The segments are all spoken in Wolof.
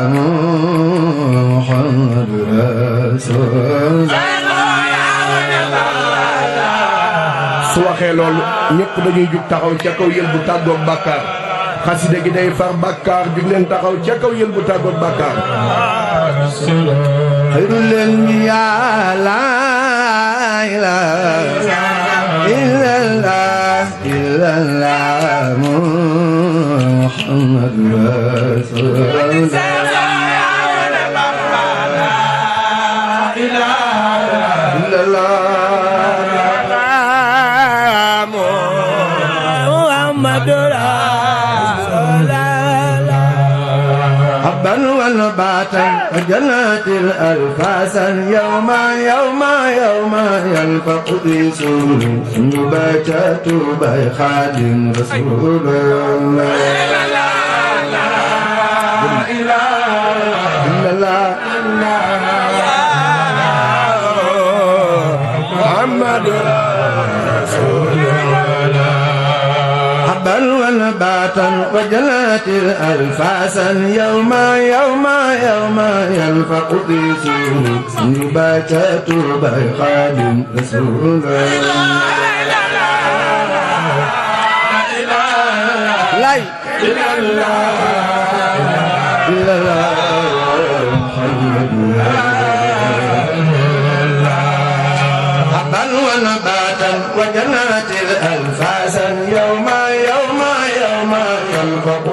su waxee loolu ñëpp dañuy jug taxaw ca kaw yël bu tàggoog bàkkaar xasida gi day far bàkkaar jug leen taxaw ca kaw yël bu tàggoog bàkkaar xëyru leen ñi yàlla ila illallah illallah محمد رسول الله باتا وجنات الألفاسا يوما يوما يوما ينفق إيسو نباتات بيخاد رسول الله لا إله إلا الله محمد ثباتا وجلات الألفاسا يوما يوما يوما يلفق في سور نباتات بيقاد رسولا لا إله إلا الله إلا الله محمد حبا ونباتا وجنات الألفاسا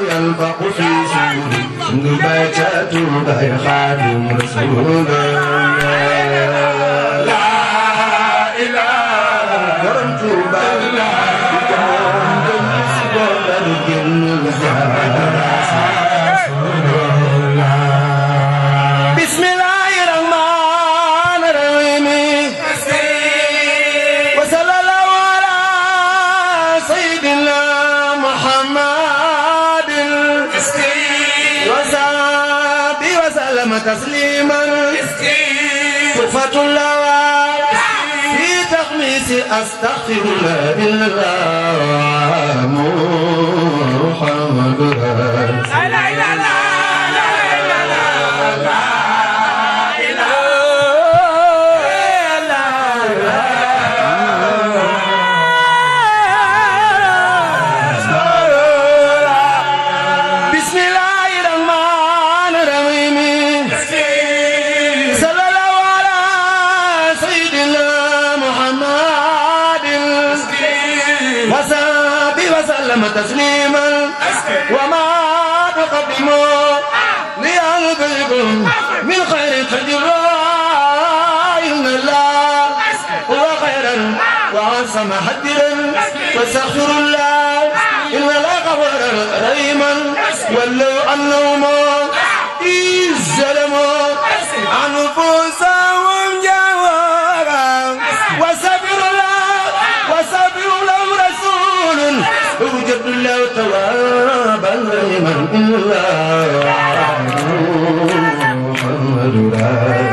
ينفق في سوره بيتة غير خادم رسولا تسليما صفة اللوى في تخميس أستغفر الله بالله محمد الإمام نيال قلبهم من خير تجرى إن الله هو خيرا وعصم حدرا واستغفر الله إن الله غفر رحيما ولو أنهما إذ ظلموا عنه الوجد لو توابا لمن إلا محمد رسول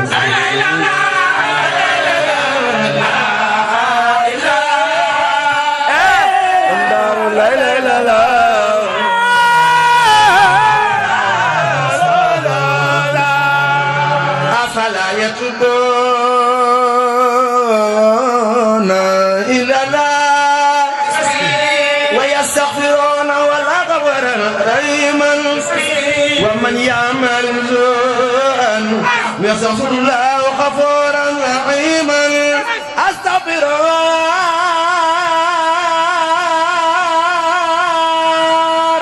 Good boy. ومن يعمل سوءا يصف الله غفورا رحيما استغفر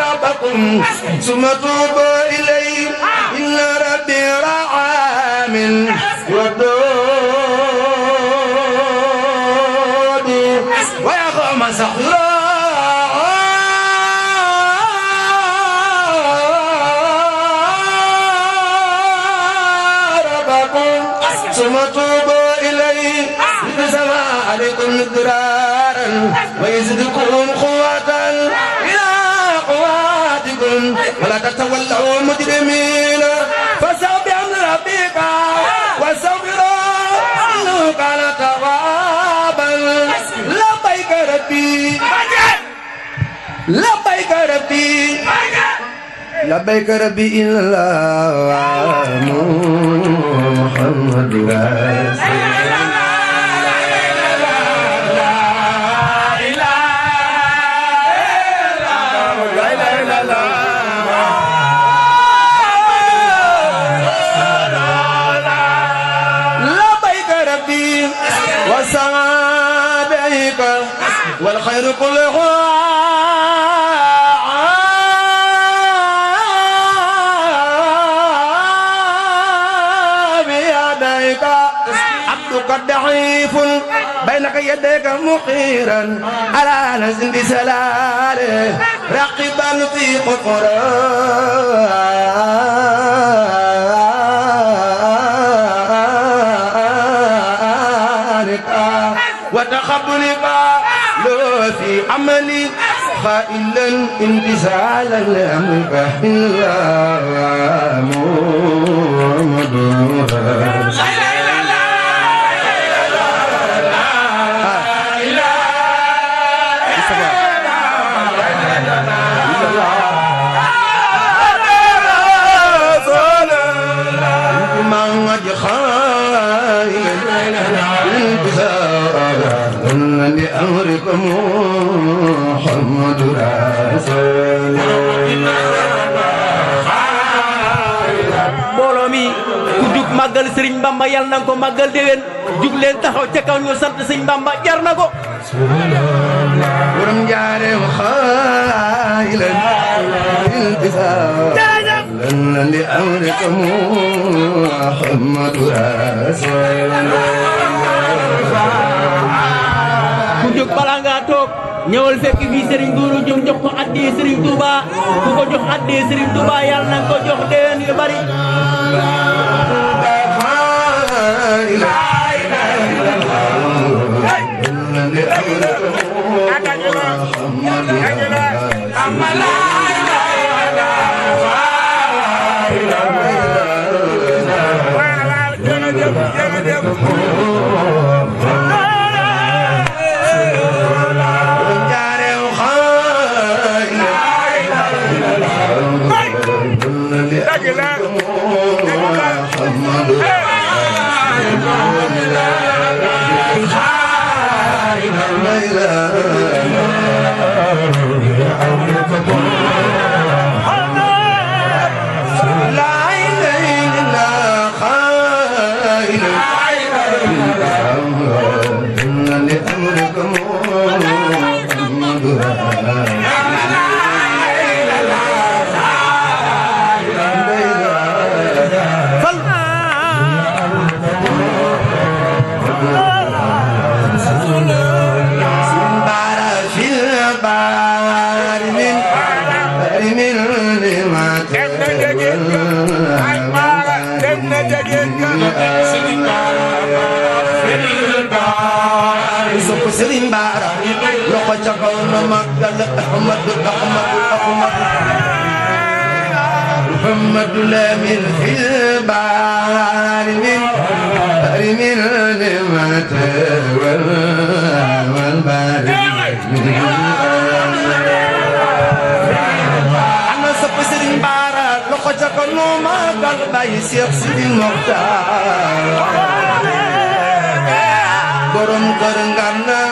ربكم ثم توبوا اليه ان ربي رعاه ثم توبوا إليه بسما عليكم مقرارا ويزدكم قوة إلى قواتكم ولا تتولوا مجرمين فسوف بأمر ربك واستغفروا إنه كان توابا لبيك ربي لبيك ربي لبيك ربي إلا الله محمد يديك مقيرا على نزل بسلاله رقبا في قفران وتخبل ما لو في عملي فإلا انتزال الأمر فإلا محمد أمركم محمد رسول mbooloo mi ku jug màggal Sëriñ Bamba yal na ko màggal déwén jug leen taxaw ca kaw ñu sant Sëriñ Bamba jar na ko borom jaareem xaayilan iltisaa لن لأمركم محمد رسول الله ku jóg balaa ngaa toog ñëwal fekk fii Serigne Gora Diouf jox ko addee Serigne ku ko jox addee Serigne Touba na ko jox déwén yu bari. أحمد أحمد أحمد محمد لا من خبار من من لمت والبار أنا سبسرين بارا لقد جاكنو ما قلبي سيبسرين مختار برم قرن قرنا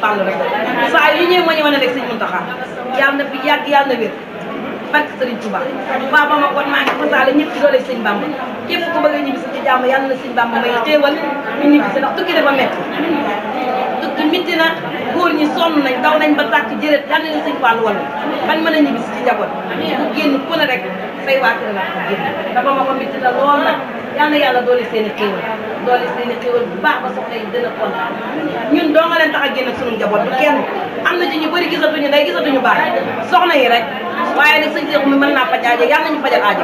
Fall rek saa yu ñëwee ma ñëw ne rek sëñ Mountakha yàlla na fi yàgg yàlla na wér barke sëriñ Touba waaw ba ma kon maa ngi fasaale ñëpp ci doole sëñ Bamba képp ku bëgg a ñibbi si ci jàmm yàlla na sëñ Bamba may xéewal ñu ñibbi na ndax tukki dafa métti tukki métti na góor ñi sonn nañ daw nañ ba tàkk jërët yàlla na sëñ Fall wala ban mën a ñibbi si ci jaboot bu génn ku a rek say waa kër la ko génn dafa ma ko métti na lool nag yàlla na yàlla doole seen i xéewal doole bu baax ba soxna yi dina kontaan ñun doo nga leen tax a génn ak sunu njaboot du kenn am na ci ñu bëri gisatuñu nday gisatuñu baay soxna yi rek waaye nag sëñ mi mën naa faj aajo yàlla nañu fajal aajo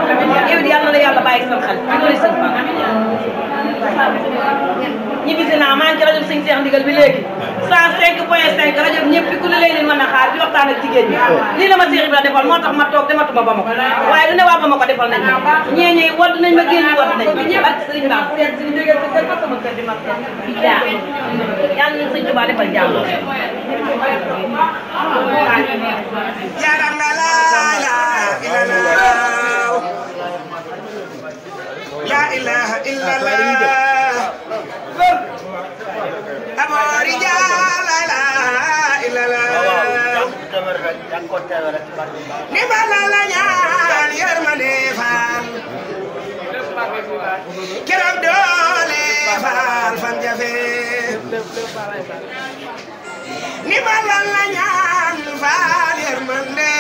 yow it yàlla na la yàlla bàyyi seen xel ci loolu sëñ Fall ñi bisi naa maa ngi ci rajo sëñ Seex ndigal bi léegi 105 point 5 rajo bi ñëpp ku ne léegi leen mën a xaar di waxtaan ak jigéen ñi lii la ma Cheikh Ibrahima defal moo tax ma toog dematuma ba ma ko waaye lu ne waa ba ma ko defal nañ ñee ñee war nañ ma génn war nañ ak sëriñ Ba sama kër di ma jaa yàlla na sëñ Tuubaa defal jàmm la ilaha illa Allah amoo rijaa la ilaha illallah ni ma la la ñaan yërmande faal keroog doole faal fan jafe ni ma la la ñaan faal yërmande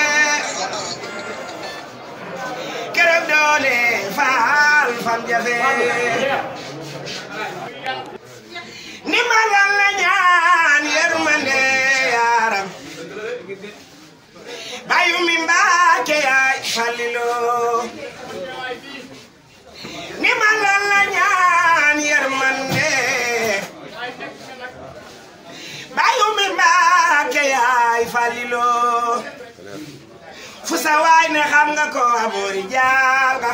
keroog doole faal fan jafe ma yàlla ñaan yërmande yaaram bayu mi Mbàkke yaay Falilu ni ma yàlla ñaan yërmande bayu mi Mbàkke yaay Falilu fu sa waay ne ko aboori jaal nga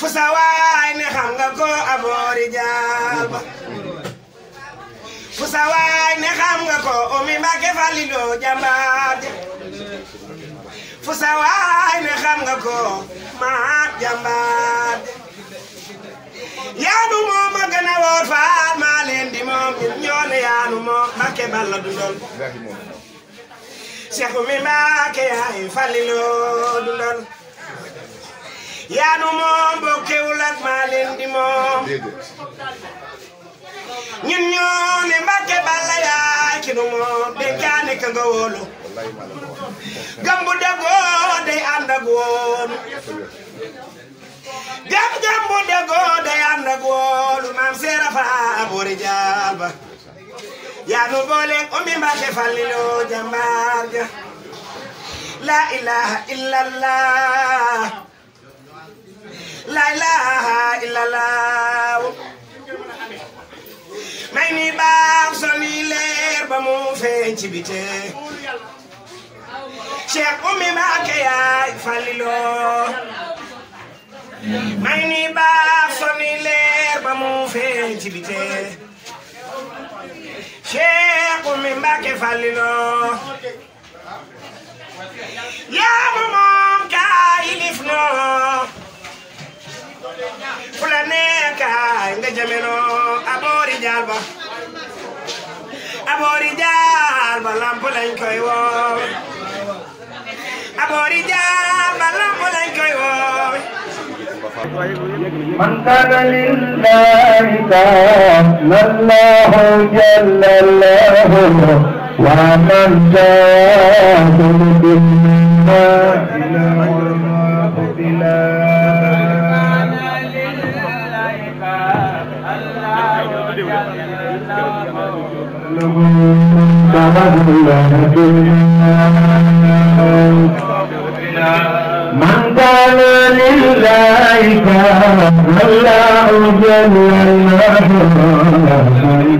fu sa waay ne xam nga ko aboori jaal ba fu waay ne xam nga ko omi Mbàkke Falilu jàmbaar ja waay ne xam nga ko maat jàmbaar ja yaanu moom a gën woor faal maa leen moom ñun ñoo ne yaanu moom Mbàkke Balla dundal Seexu mi Mbàkke yaay Falilu dundal yaanu moom bokkewul ak maa leen moom ñun ne Mbàkke Balla yaay ki nu moom dénkaane ka nga wóolu gam bu dëggoo day ànd ak wóolu maam seera fa aboori jaal ba yaanu boole ummi Mbàkke Falliloo jàmbaar ja la ilaha illallah la ilaha illallah ni baax soni leer ba mu feeñ ci bite Cheikh Oumy Mbacké yaay Fallilo may ni baax soni leer ba mu feeñ ci bite Cheikh Oumy Mbacké Fallilo yaa moom kaa noo fu la neex kaay nga jëmenoo aboori jaal ba aboori jaal ba lamp lañ koy woo aboori jaal ba lamp lañ koy woo من كان لله كان الله جل الله ومن جاءه بالمنة إله الله بلا فله لعنة الموت من كان لله فالله جل من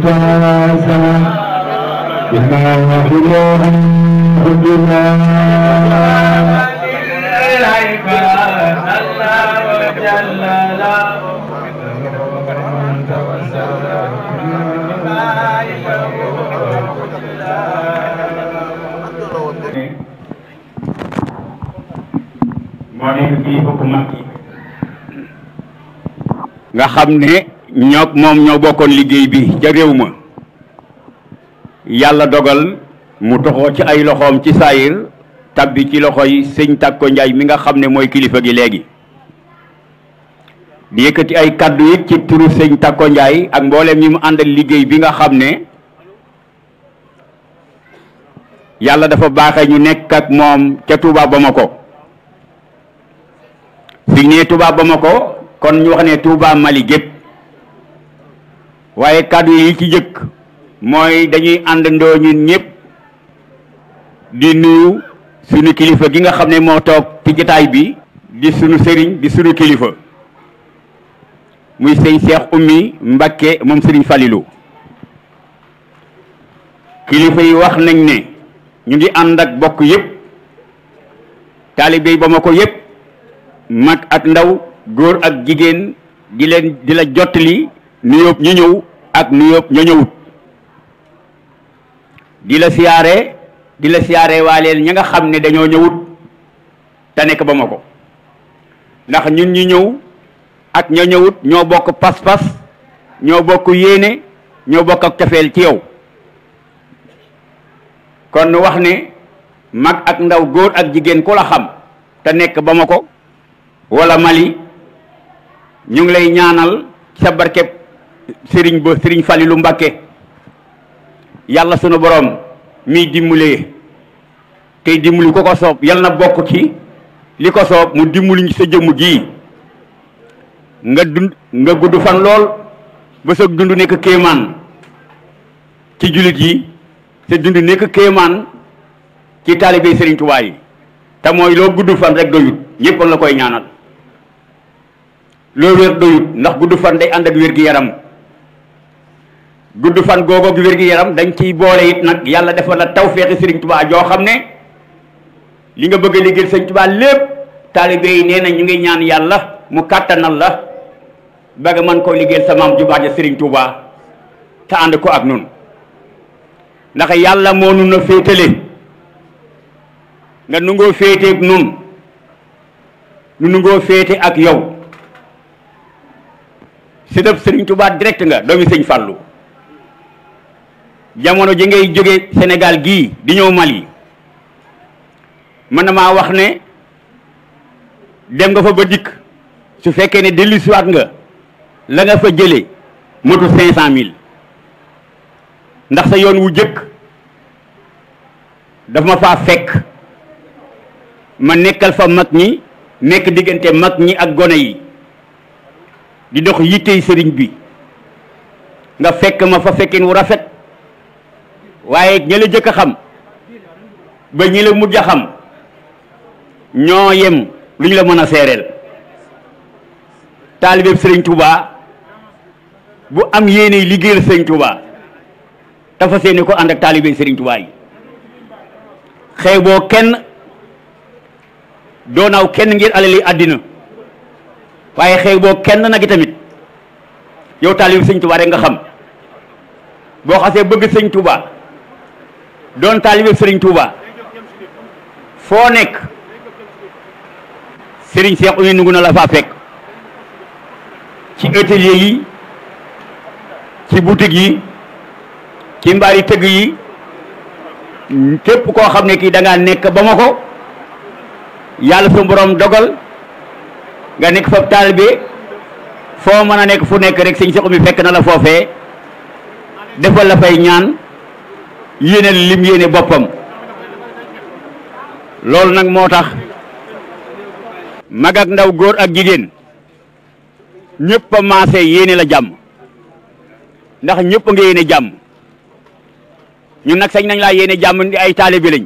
تاسى بما وحده بما nga xam ne ñoo moom ñoo bokkoon liggéey bi ca réew ma yàlla dogal mu toxoo ci ay loxoom ci saayir tabbi ci loxo yi sëñ Tàkko Njaay mi nga xam ne mooy kilifa gi léegi di yëkkati ay kàddu it ci turu sëñ Tàkko Njaay ak mbooleem ñi mu àndal liggéey bi nga xam ne yàlla dafa baaxe ñu nekk ak moom ca Tuubaa ba ma ko biñ nee Touba Bamako kon ñu wax ne Touba Mali gépp waaye kàddu yi ci jëkk mooy dañuy àndandoo ñun ñëpp di nuyu sunu kilifa gi nga xam ne moo toog ci jotaay bi di sunu sëriñ di sunu kilifa muy sëñ Cheikh Oumy Mbacké moom sëriñ Falilou kilifa yi wax nañ ne ñu ngi ànd ak bokk yëpp taalibe yi Bamako yëpp mag ak ndaw góor ak jigéen di di la jottali nuyóob ñu ñëw ak nuyóob ñu ñëwut di la siyaare di la siyaare waaleel ña nga xam ne dañoo ñëwut te nekk ba ma ko ndax ñun ñu ñëw ak ña ñëwut ñoo bokk pas-pas ñoo bokk yéene ñoo bokk ak cofeel ci yow kon wax ne mag ak ndaw góor ak jigéen ku la xam te nekk ba ma ko wala Mali ñu ngi lay ñaanal sa barkeb sëriñ ba sëriñ Falilu Mbàkke yàlla sunu borom miy dimbalee tey dimbali ko ko soob yal na bokk ci li ko soob mu dimbali sa jëmm ji nga dund nga gudd fan lool ba sa dund nekk kéemaan ci jullit yi sa dund nekk kéemaan ci taalibe sëriñ Tuubaa yi te mooy loo gudd fan rek doyut ñëpp la koy ñaanal loo wér doyut ndax gudd fan day ànd ak wér-gi-yaram gudd fan googoog wér-gi-yaram dañ ciy boole it nag yàlla defal la tawféexi Sëriñ Tubaa joo xam ne li nga bëgg a liggéeyal Sëriñ Tubaa lépp taalibe yi nee na ñu ngi ñaan yàlla mu kàttanal la ba nga mën koo liggéeyal sa maam ju baax ja Sëriñ Tubaa ànd ko ak nun ndax yàlla moo nun a féetale nga nu ngoo féete ak nun nu nu ngoo ak yow sëtëb sëriñ Tuubaa direct nga doomi sëñ Fàllu jamono ji ngay jóge senegal gii di ñëw Mali mën na maa wax ne dem nga fa ba dikk su fekkee ne dellusiwaat nga la nga fa jële motu cinq cent mille ndax sa yoon wu jëkk daf ma faa fekk ma nekkal fa mag ñi nekk diggante mag ñi ak gone yi di dox yittey sëriñ bi nga fekk ma fa fekkin wu rafet waaye ñi jëkk a xam ba ñi mujj a xam ñoo yem lu ñu la mën a seereel taalibeeb sëriñ Touba bu am yéene liggéeyal sëriñ Touba dafa seeni ko ànd ak taalibeeb sëriñ Touba yi xew boo kenn doonaaw kenn ngir alali àddina waaye xëy boo kenn nag tamit yow taalib sëñ Tuubaa rek nga xam boo xasee bëgg sëñ Tuubaa doon taalibe sëriñ Tuubaa foo nekk sëriñ Seex Umi nungu na la faa fekk ci atelier yi ci butik yi ci mbaari tëgg yi képp koo xam ne kii danga nekk ba ma ko yàlla su borom dogal nga nekk fab taal bi foo mën a nekk fu nekk rek sëñ Cheikh mi fekk na la foofee defal la fay ñaan yéene lim yéene boppam loolu nag moo tax mag ndaw góor ak jigéen ñëpp a maase yéene la jàmm ndax ñëpp nga yéene jàmm ñun nag sañ nañ laa yéene jàmm ndi ay taalibe lañ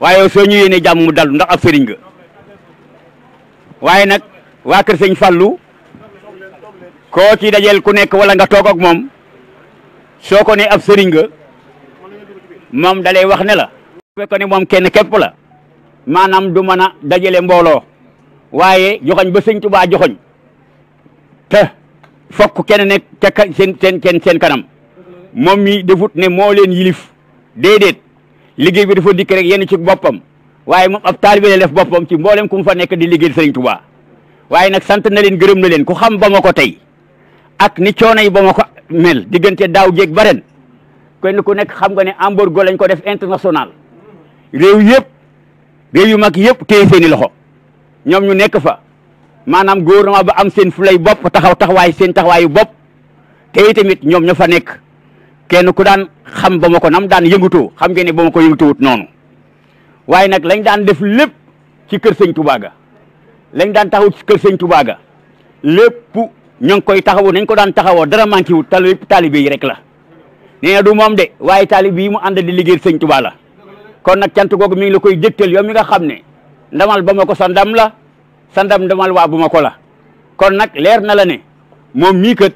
waaye soo ñu yéene jàmm mu dal ndax ak sëriñ nga waaye nag waa kër sëñ Fallou koo ci dajel ku nekk wala nga toog ak moom soo ko ne ab sëriñ nga moom dalay wax ne la fekk ne moom kenn képp la maanaam du mën a dajale mbooloo waaye joxoñ ba sëñ Tuubaa joxoñ te fokk kenn nekk ca seen seen kanam moom mi defut ne moo leen yilif déedéet liggéey bi dafa dikk rek yenn ci boppam waaye moom ab taalibe la def boppam ci mboolem ku mu fa nekk di liggéeyal Sëriñ Tuubaa waaye nag sant na leen gërëm na leen ku xam ba ma ko tey ak ni coono yi ba ma ko mel diggante daaw jeg ba ren kenn ku nekk xam nga ne embargo lañ ko def international réew yëpp réew yu mag yëpp téye seeni loxo ñoom ñu nekk fa maanaam gouvernement ba am seen fulay bopp taxaw taxawaay seen taxawaayu bopp te tamit ñoom ña fa nekk kenn ku daan xam ba ma ko nam daan yëngutoo xam ngeen ne ba ko yëngatuwut noonu waaye nag lañ daan def lépp ci kër sëñ Touba ga lañ daan taxaw ci kër sëñ tubaaga ga lépp ñoo ngi koy taxawu nañ ko daan taxawoo dara manqué wu tali taalibe yi rek la nee na du moom de waaye taalibe yi mu ànd di liggéey sëñ Touba la kon nag cant googu mi ngi la koy jégteel yow mi nga xam ne ndamal ba ma ko sa ndam la sa ndam ndamal waa bu ma ko la kon nag leer na la ne moom mii kat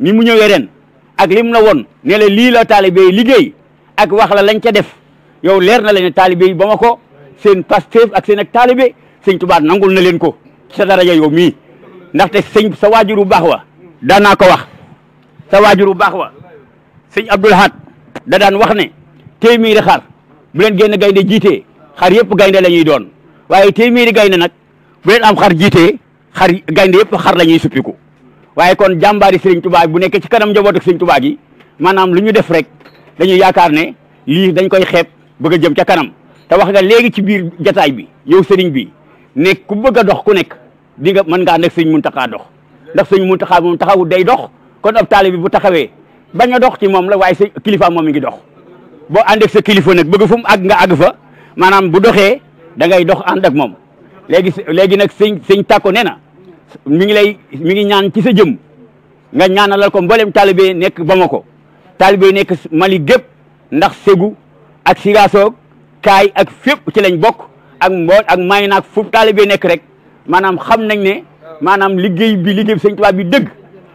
ni mu ñëwee ren ak lim la woon ne la lii la taalibe yi liggéey ak wax la lañ ca def yow leer na leen ne taalibe yi ba ma ko seen Pastef ak seen ak taalibe sëñ Tuubaa nangul na leen ko sa daraja yow mii ndaxte sëñ sa waajuru baax wa naa ko wax sa waajuru baax wa sëñ Abdul Ahad da daan wax ne téeméeri xar bu leen génn gaynde jiite xar yëpp gaynde la ñuy doon waaye téeméeri gaynde nag bu leen am xar jiite xar gaynde yëpp xar la ñuy suppiku waaye kon jàmbaari sëriñ Tuubaa bu nekkee ci kanam njaboot ak sëriñ Tuubaa gi maanaam lu ñu def rek dañuy yaakaar ne lii dañ koy xeeb bëgg a jëm ca kanam te wax nga léegi ci biir jataay bi yow sëriñ bi nekk ku bëgg dox ku nekk di nga mën ngaa nekk sëñ Muntaxa dox ndax sëñ Muntaxa moom taxawut day dox kon ab taalibe bi bu taxawee bañ a dox ci moom la waaye sa kilifa moom mi ngi dox boo ànd sa kilifa nag bëgg fu mu àgg nga àgg fa maanaam bu doxee da ngay dox ànd ak moom léegi léegi nag sëñ sëñ tàkko nee na mi ngi lay mi ngi ñaan ci sa jëm nga ñaanalal ko mboolem taalibe nekk ba ma ko taalibe nekk Mali gépp ndax ségu ak Sigasoog kaay ak fépp ci lañ bokk ak mbool ak may naag fu taalibe nekk rek maanaam xam nañ ne maanaam liggéey bi liggéey bi sëñ bi dëgg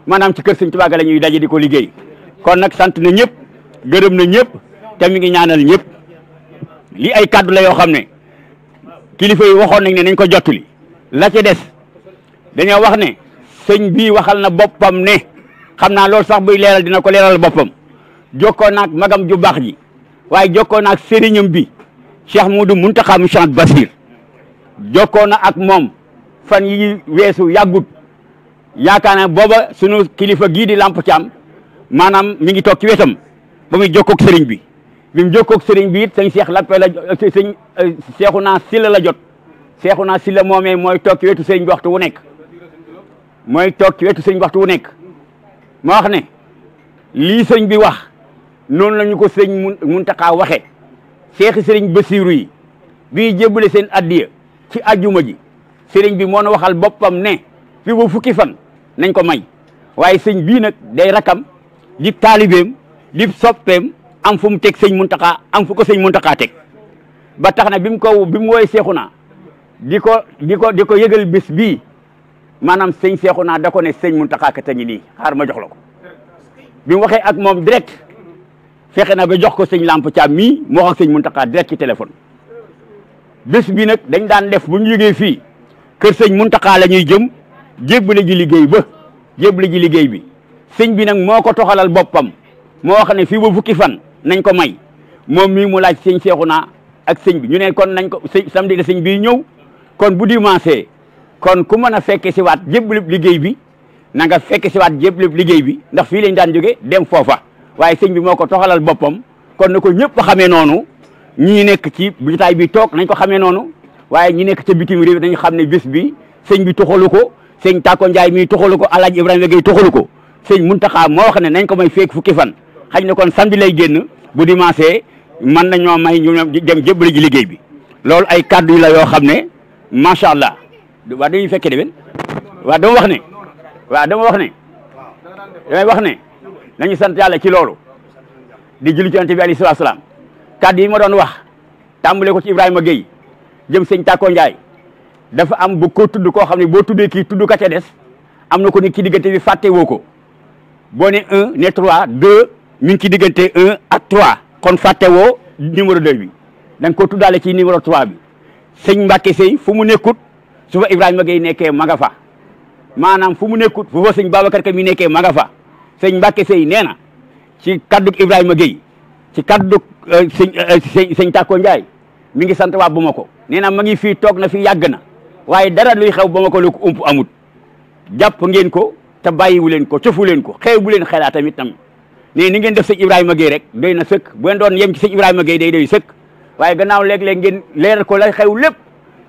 maanaam ci kër sëñ Tuubaa ga la ñuy daje di ko liggéey kon nag sant na ñëpp gërëm na ñëpp te mi ngi ñaanal ñëpp li ay kàddu la yoo xam ne kilifa yi waxoon nañ ne nañ ko jottali la ci des dañoo wax ne sëñ bii waxal na boppam ne xam naa loolu sax buy leeral dina ko leeral boppam jokkoo naag magam ju baax ji waaye jokkoo na ak sëriñam bi Cheikh Moudou Mountakha mu Cheikh Basir jokkoo na ak moom fan yi weesu yàggut yaakaar naa booba sunu kilifa gii di Lamp Thiam maanaam mi ngi toog ci wetam ba muy jokkoog sëriñ bi bi mu jokkoog sëriñ bi it sëñ Cheikh Lappé la sëñ euh, Cheikhouna Sylla la jot Cheikhouna Sylla moomee mooy toog ci wetu sëriñ bi waxtu wu nekk mooy toog ci wetu sëriñ bi waxtu wu nekk moo wax ne lii sëñ bi wax noonu la ñu ko sëñ Muntaxa waxe seexi sëriñ Basiiru yi bii jébbale seen addiya ci ajjuma ji sëriñ bi moo na waxal boppam ne fi ba fukki fan nañ ko may waaye sëñ bii nag day rakam di taalibeem di soppeem am fu mu teg sëñ Muntaxa am fuko ko mun Muntaxa teg ba tax na bi mu ko bi mu wooy seexu naa di ko di ko di ko yëgal bés bii maanaam sëñ seexu naa da ne sëñ Muntaxa ka tañi nii xaar ma jox la ko ak moom direct fexe na ba jox ko sëñ Lamp Thiam mii moo wax sëñ Mountakha direct ci téléphone bés bi nag dañ daan def bu ñu jógee fii kër sëñ Mountakha la ñuy jëm jébbale ji liggéey ba jébbale ji liggéey bi sëñ bi nag moo ko toxalal boppam moo wax ne fii ba fukki fan nañ ko may moom mii mu laaj sëñ Seexuna ak sëñ bi ñu ne kon nañ ko sëñ samedi la sëñ bii ñëw kon bu dimanche kon ku mën a fekke si waat jébbale liggéey bi nanga nga fekke si waat jébbale liggéey bi ndax fii lañ daan jóge dem foofa waaye sëñ bi moo ko toxalal boppam kon na ko ñëpp xamee noonu ñi nekk ci jotaay bi toog nañ ko xamee noonu waaye ñi nekk ci bitim réew nañ xam ne bés bi sëñ bi toxalu ko sëñ Tako njaay mii toxalu ko El Hadj Ibrahima Gueye toxalu ko sëñ Mountakha moo wax ne nañ ko may feek fukki fan xañ na kon samedi lay génn bu dimanche man nañoo may ñu dem jébbali ji liggéey bi loolu ay kàddu yi la yoo xam ne macha allah waa dañuy fekkee de ben waaw dama wax ne dama wax ne wax ne nañu sant yàlla ci loolu di julli ci yonent bi salaam kàddu yi ma doon wax tàmbale ko ci Ibrahima Gueye jëm sëñ Tako Ndiaye dafa am bu ko tudd koo xam ne boo tuddee kii tudd ka ca des am na ko ni ki diggante bi fàtte woo ko boo ne un ne trois deux mi ngi ci diggante un ak trois kon fàtte woo numéro deux bi da nga ko ci numéro trois bi sëñ Mbacke Seye fu mu nekkut su fa Ibrahima Gueye nekkee maga fa maanaam fu mu nekkut fu fa sëñ Babacar Ka nekkee ma fa sëñ mbakke sey nee na ci kaddug Ibrahima Gueye ci kaddug euh, euh, sëñ sëñ Tako Ndiaye mi ngi sant waa Bamako nee na ma ngi fii toog na fi yàgg na waaye dara luy xew Bamako lu ko ump amut jàpp ngeen ko te bàyyiwu leen ko cofu leen ko xew bu leen xelaa tamit tam ne ni ngeen def sëñ Ibrahima Gueye rek doy na sëkk bu doon yem ci sëñ Ibrahima Gueye day doy sëkk waaye gannaaw léeg-léeg ngeen leeral ko lay xew lépp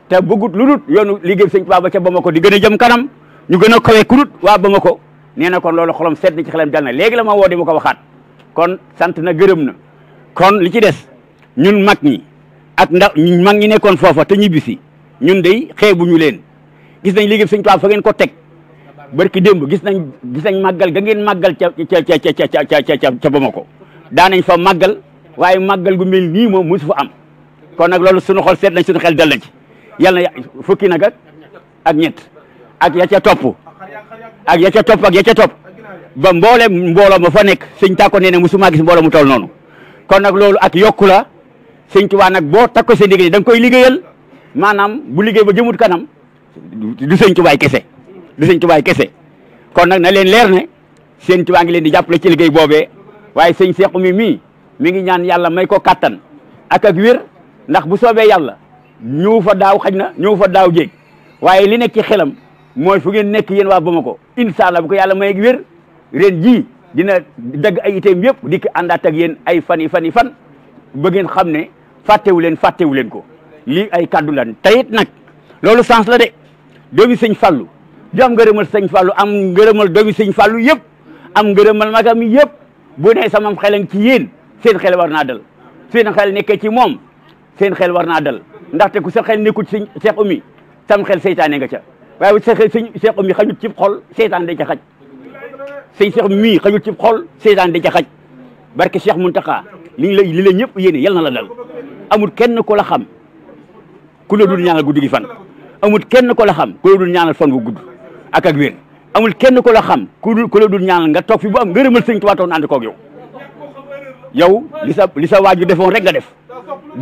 te bëggut lu dul yoonu liggéey sëñ Tuubaa ba ca Bamako di gën a jëm kanam ñu gën a kawe kurut waa Bamako nee na kon loolu xolam sedd na ci xelam dal na léegi la ma woo di ko waxaat kon sant na gërëm na kon li ci des ñun mag ñi ak ndaw mag ñi nekkoon foofa te ñibbisi ñun day ñu leen gis nañ liggéey sëñ Tuubaa fa ngeen ko teg barki démb gis nañ gis nañ màggal ga ngeen màggal ca ca ca ca ca ca ca Bamako daanañ fa màggal waaye màggal gu mel nii moom mosu fa am kon nag loolu suñu xol seet nañ suñu xel dal na ci yàlla na fukki nag ak ñet ak ya ca topp ak ya ca topp ak ya ca ba mboole mbooloo ma fa nekk sëñ tàkko nee ne musuma gis mbooloo mu toll noonu kon nag loolu ak yokku la sëñ Tuubaa nag boo takko sa ndigal da nga koy liggéeyal maanaam bu liggéey ba jëmut kanam du sëñ Tuubaa kese du sëñ Tuubaa kese kon nag na leen leer ne sëñ Tuubaa ngi leen di jàppale ci liggéey boobee waaye sëñ Seexu mi mii mi ngi ñaan yàlla may ko kattan ak ak wér ndax bu soobee yàlla ñëw fa daaw xaj na ñëw fa daaw jéeg waaye mooy fu ngeen nekk yéen waa Bamako incha allah bu ko yàlla may wér jii dina dagg ay itam yëpp di ko àndaat ak yéen ay fan yi fan yi fan ba ngeen xam ne fàttewu leen fàttewu leen ko lii ay kaddu lan tayit nag loolu sens la de doomi sëñ Fallou di am ngërëmal sëñ Fallou am ngërëmal doomi sëñ Fallou yëpp am ngërëmal magam yëpp bu ne samam xelan ci yéen seen xel war naa dal seen xel nekkee ci moom seen xel war naa dal ndaxte ku sa xel nekkul ci Cheikh Oumy sam xel seytaane nga ca waaye sa sëñ Cheikh mi xajul cib xol seytaan da ca xaj sëñ mi mii xajul ci xol seytaan de ca xaj barke Cheikh Mountakha li la li la ñëpp yéene yal na la dal amul kenn ko la xam ku la guddi gi fan amut kenn ko la xam ku la dul fan wu gudd ak ak wér amul kenn ko la xam ku dul ku nga toog fi bu am ngërëmal sëñ Tuubaa toon ànd koog yow yow li sa li sa waaju defoon rek nga def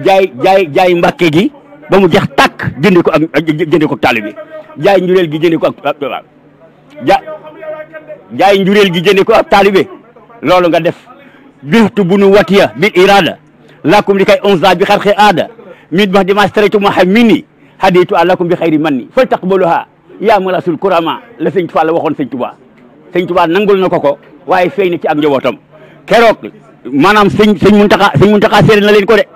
jaay jaay jaay mbàkke gi ba mu jeex tàkk jënde ko ak jënde ko taalibe bi jaay njureel gi jëndee ko ak ja jaay njureel gi jëndee ko ak taalibe loolu nga def bi bu nu watiya bil irada lakum li kay onza bi xarxe aada min bax di mastratu ma xam mini haditu alakum bi xayri man ni fal taqbaluha yaa ma rasul kurama la sëñ Tuubaa la waxoon sëñ Tuubaa sëñ Tuubaa nangul na ko ko waaye feeñ na ci ak njabootam keroog maanaam sëñ sëñ Muntaxa sëñ Muntaxa seere na leen ko de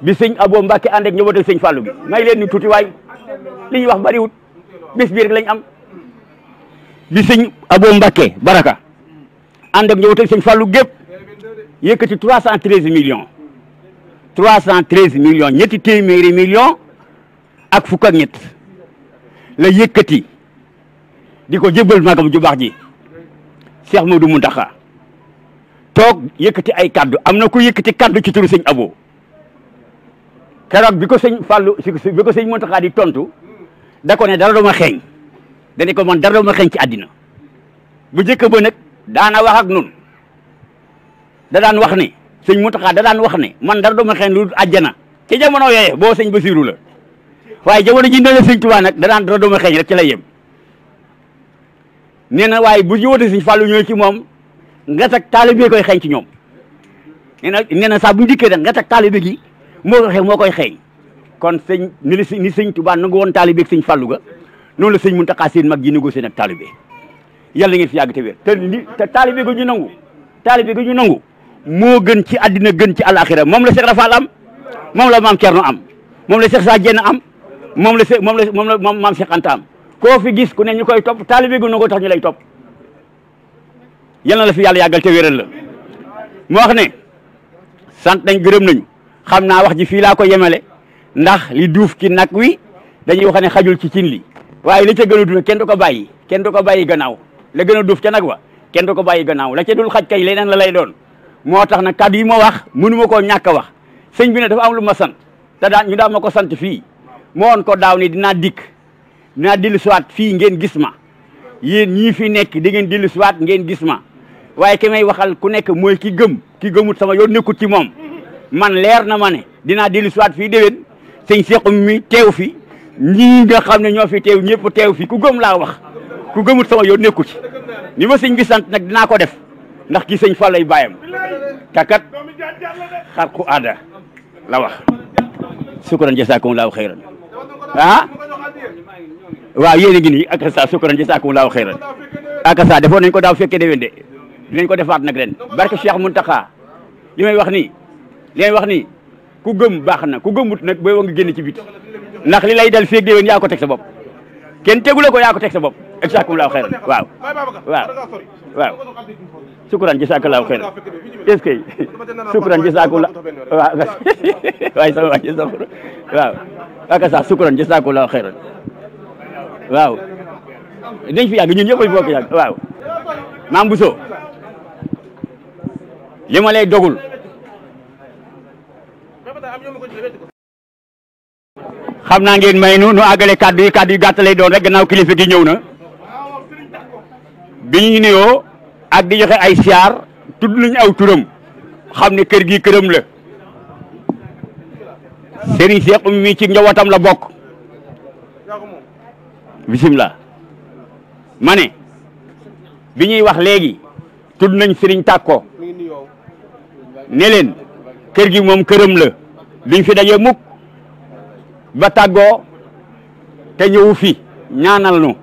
bi sëñ Abo Mbàkke ànd ak njabootam sëñ Fàllu bi may leen ñu tuuti waay li wax bariwut bés bi rek lañ am bi sëñ Abo Mbacké Baraka ànd ak ñëw teg sëñ Fallou gépp yëkkati trois cent treize millions trois cent treize millions ñetti téeméeri million ak fukk ak ñett la yëkkati di ko jébbal magam ju baax ji Cheikh Modou Mountakha toog yëkkati ay kaddu am na ku yëkkati kaddu ci turu sëñ Abo keroog bi ko sëñ fallu bi ko sëñ Mountakha di tontu da ko ne dara du ma xeeñ dani ko man dara du xeeñ ci àddina bu njëkk ba nag daana wax ak nun da daan wax ne sëñ Mountakha da daan wax ne man dara du ma xeeñ lu àjjana ci jamono yooye boo sëñ Basiru la waaye jamono ji ne la sëñ Tuubaa nag da daan dara du ma xeeñ rek ci la yem nee na waaye bu ñëwatee sëñ Fàllu ñëw ci moom nga tag taalibe koy xeeñ ci ñoom nee na nee na saa bu ñu dikkee da nga tag taalibe gi moo moo koy xeeñ kon sëñ ni li ni sëñ Tuubaa nangu woon taalibe ak sëñ Fàllu ga noonu la sëñ Muntaxa seen mag ji négocié nag taalibe yàlla ngeen fi yàgg te wér te li te taalibe ga ñu nangu taalibe ñu nangu moo gën ci àddina gën ci àlaxira moom la Cheikh Rafal moom la maam Cerno am moom la Cheikh Saa Jenn am moom la se moom la moom la moom maam Cheikh Anta fi gis ku ne ñu koy topp taalibe gu nangoo tax ñu lay topp yal na la fi yàlla yàggal te wéral la moo wax ne sant dañ gërëm nañu xam naa wax ji fii laa ko yemale ndax li duuf ki nag wi dañuy wax ne xajul ci cin li waaye la ca gën a duuf kenn du ko bàyyi kenn du ko bàyyi gannaaw la gën a duuf ca nag wa kenn du ko bàyyi gannaaw la ca dul xaj kay leneen la lay doon moo tax na kàddu yi ma wax mënu ma koo ñàkk a wax sëñ bi ne dafa am lu ma sant te daan ñu daan ma ko sant fii moo woon ko daaw ni dinaa dikk dinaa dellu siwaat fii ngeen gis ma yéen ñii fi nekk di ngeen dellu siwaat ngeen gis ma waaye ki may waxal ku nekk mooy ki gëm ki gëmut sama yoon nekkut ci moom man leer na ma ne dinaa dellu siwaat fii sëñ Seexum mi teew fi ñii nga xam ne ñoo fi teew ñëpp teew fi ku gëm laa wax ku gëmut sama yoon nekku ci ni ma sëñ bi sant nag dinaa ko def ndax kii sëñ Fall lay bàyyam takat xarqu aada la wax sukkuran jasaakum laahu xayran ah waaw yéen a ngi nii ak sa sukkuran jasaakum laahu xayran ak sa nañ ko daaw fekke déwén de dinañ ko defaat nag ren barke Cheikh Mountakha li may wax nii li wax nii ku gëm baax na ku gëmut nag booy wa nga génn ci bit ndax li lay dal feeg déwén yaa ko teg sa bopp kenn tegule ko yaa ko teg sa bopp jazaakumullaahu xayran waaw waaw waaw sukuran jazaakumullaahu xayran est-ce que sukuran jazaakumullaahu waaw waaye sama waa jasa waaw aka sax sukuran jazaakumullaahu xayran waaw dañ fi yàgg ñun ñëpp bokk yàgg waaw maam Bousso li ma lay dogul xam naa ngeen may nu nu àggale kàddu yi kàddu yu gàtt doon rek gannaaw kilifa gi ñëw na bi ñu nuyoo ak di joxe ay siyaar tudd nañu aw turam xam ne kër gi këram la Serigne Cheikh mi ci njabootam la bokk bisimilah ma ne bi ñuy wax léegi tudd nañ Serigne Tako ne kër gi moom këram la duñ fi daje mukk ba tàggoo te ñëwu fi ñaanal nu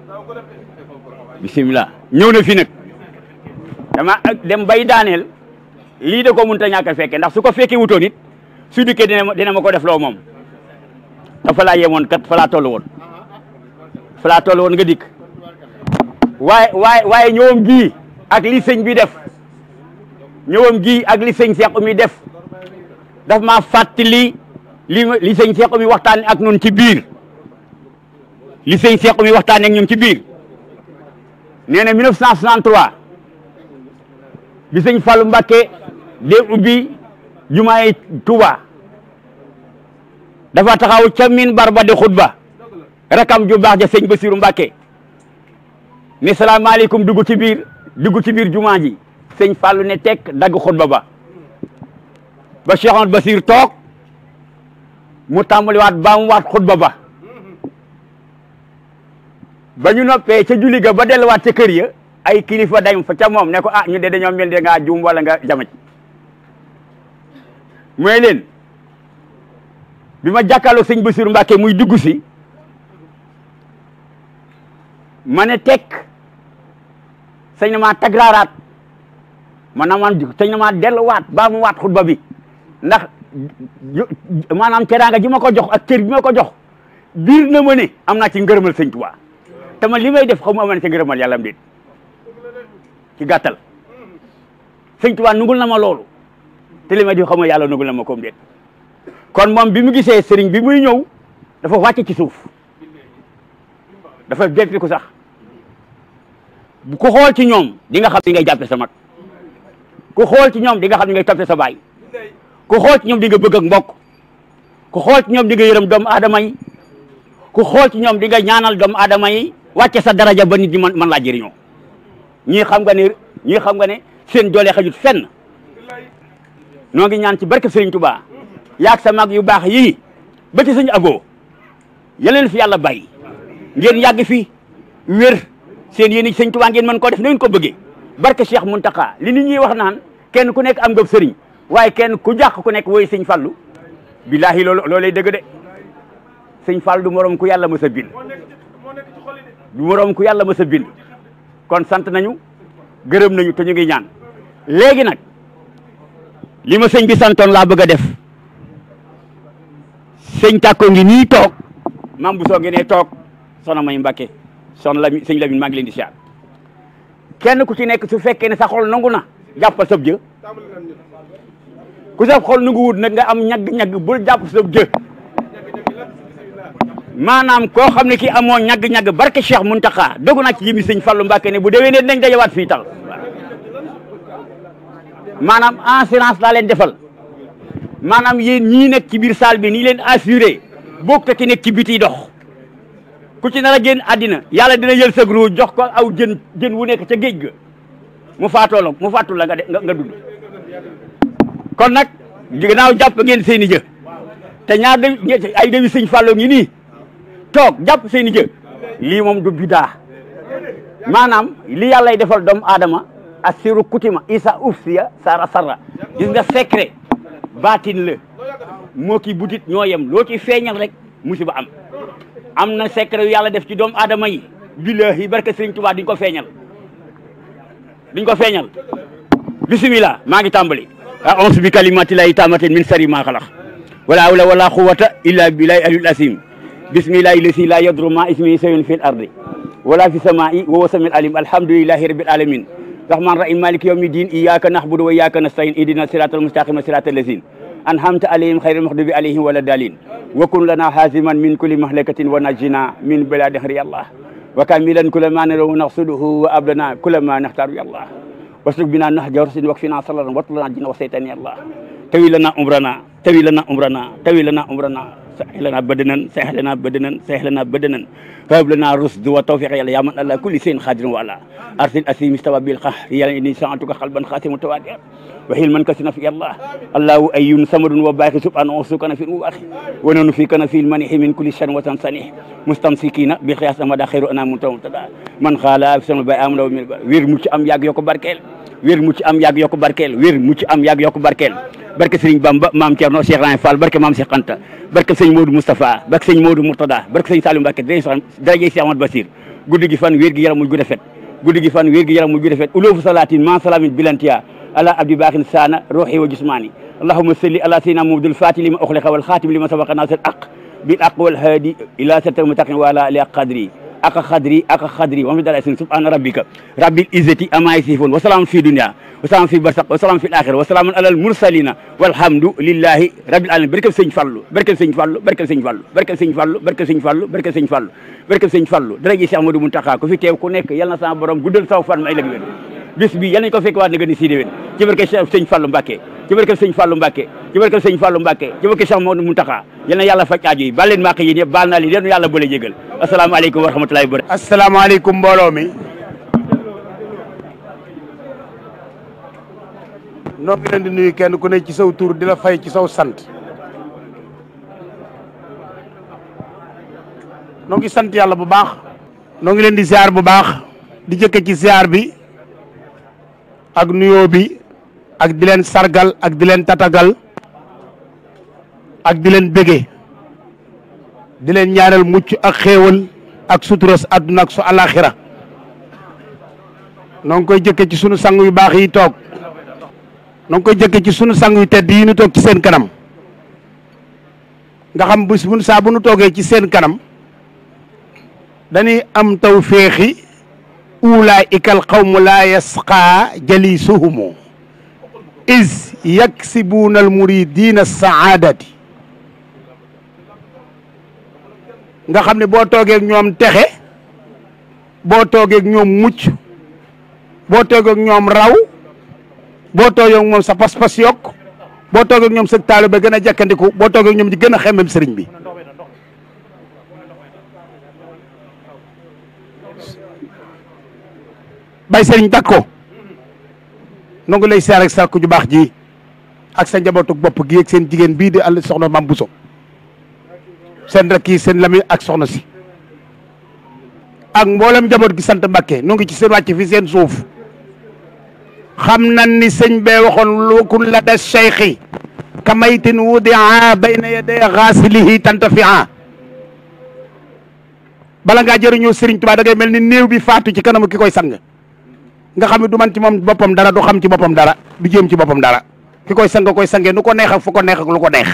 bisimilah ñëw na fi nag dama dem bay daaneel lii de ko mënut a ñàkk a ndax su ko fekkee su dikkee dina ma ko def loo moom te laa yemoon kat fa laa toll woon fa woon nga dikk waaye waaye waaye ñëwam ak li sëñ bi def ñëwam gii ak li sëñ Seex Umi def daf maa fàttali li li sëñ Seexu mi waxtaane ak ñun ci biir li sëñ Seexu mi waxtaane ak ñun ci biir nee na 1963 bi sëñ Fallou Mbacké dee ubbi jumaay Touba dafa taxaw camin min barba di xutba rakam ju baax ja sëñ Bassirou Mbacké ne salaamaaleykum dugg ci biir dugg ci biir jumaa ji sëñ Fallou ne tek dagg xutba ba ba Cheikh Ahmad Basir toog mu tàmbaliwaat ba mu waat xutba ba ba ñu noppee ca julli ga ba delluwaat ca kër ya ay kilifa dañ fa ca moom ne ko ah ñu de dañoo mel de ngaa juum wala nga jamaj mooy leen bi ma jàkkaarloo sëñ Basiru Mbàkke muy dugg si ma ne tekk sëñ na maa tagraaraat maanaam man sëñ na maa delluwaat ba mu waat xutba bi ndax maanaam teraanga ji ma ko jox ak cër bi ma ko jox biir na ma ne am naa ci ngërëmal sëñ Tuubaa te man may def xaw ma am na ci ngërëmal yàlla am ci gàttal sëñ Tuubaa nungul na ma loolu te li may def xaw ma yàlla nungul na ma koom déet kon moom bi mu gisee sëriñ bi muy ñëw dafa wàcce ci suuf dafa jéppi ko sax bu ko xool ci ñoom di nga xam ni ngay jàppe sa mag ku xool ci ñoom di nga xam ni ngay toppe sa baay ku xool ci ñoom di nga bëgg ak mbokk ku xool ñoom di nga yërëm doomu aadama yi ku xool ci ñoom di nga ñaanal doomu aadama yi wàcce sa daraja ba nit ñi mën mën laa jëriñoo ñii xam nga ne xam nga ne seen doole xajut fenn noo ngi ñaan ci barke Sëriñ Tuubaa yaag sa mag yu baax yi ba ci sëñ Abo yeleen fi yàlla bay ngeen yàgg fi wér seen yéeni sëñ Tuubaa ngeen mën koo def na ngeen ko bëggee barke Cheikh Mountakha li nit ñi wax naan kenn ku nekk am nga sëriñ waaye kenn ku jàq ku nekk wooy sëñ fallu billaahi loolu loolay dëgg de sëñ fallu du moroom ku yàlla mës a du moroom ku yàlla mës a kon sant nañu gërëm nañu te ngi ñaan léegi nag li ma sëñ bi santoon laa bëgg a def sëñ tàkko ngi nii toog maam bu soo ngi ne toog sona may mbàkke son la sëñ Lamine maa ngi leen di siyaar kenn ku ci nekk su fekkee ne sa xol nangu na jàppal sab ku saf xol nu ngu wut nag nga am ñagg-ñagg bu jàpp sa jë maanaam koo xam ne kii amoo ñag ñagg barke Cheikh Muntaxa dogu naa ci jëmi sëñ Fallu Mbàkke ne bu déwénee dinañ dajawaat fii tal maanaam assurance laa leen defal maanaam yéen ñii nekk ci biir salle bi nii leen assuré bokk ki nekk ci biti dox ku ci nar a génn àddina yàlla dina yël sa gro jox ko aw jën jën wu nekk ca géej ga mu faatoo mu faatu la nga de nga dund kon nag naa jàpp ngeen seen i jë te ñaar de ay dewi sëñ Fallou ngi nii toog jàpp seen i jë lii moom du bidaa maanaam li yàllay defal doomu aadama asiru kutima isa ufsiya sara sarra gis nga secret baatin la moo ki budit ñoo yem loo ci feeñal rek musiba am am na secret yu yàlla def ci doomu aadama yi billahi barke sëriñ Tuubaa duñ ko feeñal duñ ko feeñal bisimila maa ngi tàmbali a'uuzu bi kalimaati laahi taammaati min sarri maa xalaq wala hawla wala quwwata illa billaahi aliyul aziim bismillaahi lazi laa yadurru maa ismihi shay'un fil ardi wala fis samaa'i wa huwa samiul aliim alhamdulillaahi rabbil aalamiin rahmaani rahiim maaliki yawmi diin iyyaaka na'budu wa iyyaaka nasta'iin ihdinaa siraatal mustaqiima siraatal laziina an'amta alayhim ghayril maghduubi alayhim wala daalliin wa kun lanaa haaziman min kulli mahlakatin wa najjinaa min balaa dahri yàlla wa kaamilan kulla maa nalu naqsuduhu wa ablanaa kulla maa naxtaaru yàlla wasluk binaa nahja rushd wakfinaa sararan watlana jinna wa seytaani allah tawi lana umrana tawi lana umrana tawi lana umrana sahih lana badanan sahih lana badanan sahih lana badanan hab lana rushd wa tawfiq yàlla yaa man ala kulli shay'in qadir wa ala arsil asim istawa bil qahr yàlla inni sa'atuka qalban khasiman mutawadi'an wa hilman kasina fi allah allahu ayyun samadun wa baqi subhanahu wa sukana fi wa akhi wa nanu fi kana fi manihi min kulli sharrin wa tansani mustamsikina bi khiyas amada khairu ana mutamtada man khala fi sama bay amna wir mucc am yàgg yo ko barkeel wér mucc am yàgg yokk barkeel wér mucc am yàgg yokk barkeel barke Serigne Bamba maam Thierno Cheikh Rahim Fall barke maam Cheikh Anta barke sëñ Modou Moustapha barke sëñ Modou Mourtada barke sëñ Salim Mbacke darajey Cheikh Ahmad Basir guddi gi fan wér gi yaram muj gu rafet guddi gi fan wér gi yaram muj gu rafet uloofu salaatin man salamin bilantiya ala abdi baaxin saana ruuxi wa jismaani allahumma salli ala sayyidina muhammadil faati lima uxliqa wal xaatim lima sabaqa nasir aq bil aq wal haadi ila sirtal mustaqim wa ala ali qadri aka xadri aka xadri wa midal aysin subhana rabbika rabbil izzati amma yasifoon wa salaam fi dunya wa salaam fi barsaq wa salaam fi alaxira wa salaamun alal mursalina walhamdu lillahi rabbil alamin barkeb sëñ Fallu barkeb sëñ Fallu barkeb sëñ Fallu barkeb sëñ Fallu barkeb sëñ Fallu barkeb sëñ Fallu barkeb sëñ Fallu dara ji Cheikh Amadou Muntaxa ku fi teew ku nekk yal na sama borom guddal saw fan ma ay lëg wér bés bi yal nañu ko fekk waat na gën a si déwén ci barke sëñ Fallou Mbacké ci barke sëñ Fallou Mbacké ci barke sëñ Fallou Mbacké ci barke Cheikh Mamadou Mountakha yàlla faj aajo yi baal leen màq yi ñëpp baal naa leen yàlla boole jégal asalaamaaleykum wa rahmatulahi wa barakatu asalaamaaleykum mbooloo mi noo leen di nuyu kenn ku ne ci saw tuur di la fay ci saw sant noo sant yàlla bu baax noo ngi leen di ziar bu baax di jëkke ci ziar bi ak nuyoo bi ak di leen sargal ak di leen tatagal ak di leen bége di leen ñaanal mucc ak xéewal ak suturas àdduna ak su alaxira noo ngi koy jëkke ci sunu sang yu baax yi toog noo ngi koy jëkke ci sunu sang yu tedd yi nu toog ci seen kanam nga xam bis bu saa bu nu toogee ci seen kanam dañuy am taw féexi ulaika alqawmu laa yasqaa jalisuhumu is yaksibuuna almuridina alsaadati nga xam ne boo toogeek ñoom texe boo toogeek ñoom mucc boo toogeeg ñoom raw boo toogeeg moom sa pas-pas yokk boo toogeeg ñoom sa taalibe ba gën a jàkkandiku boo toogeeg ñoom di gën a xemmem sëriñ bi bay sëriñ dakko nangu lay siyaar ak sàkku ju baax ji ak sa njabootu bopp gi ak seen jigéen bii di àll soxna Mam Bousso seen rakk yi seen lami ak soxna si ak mboolem njaboot gi sant Mbàkke nu ngi ci seen wàcc fi seen suuf xam nan ni sëñ bee waxoon lukun la da cheikhi kamaytin wudia bayna yaday xaasilihi tantafia bala ngaa jëriñoo Sëriñ Tuubaa a ngay mel ni néew bi faatu ci kanamu ki koy sang nga xam ne du man ci moom boppam dara du xam ci boppam dara du jéem ci boppam dara ki koy sang koy sangee nu ko neex ak fu neex ak lu ko neex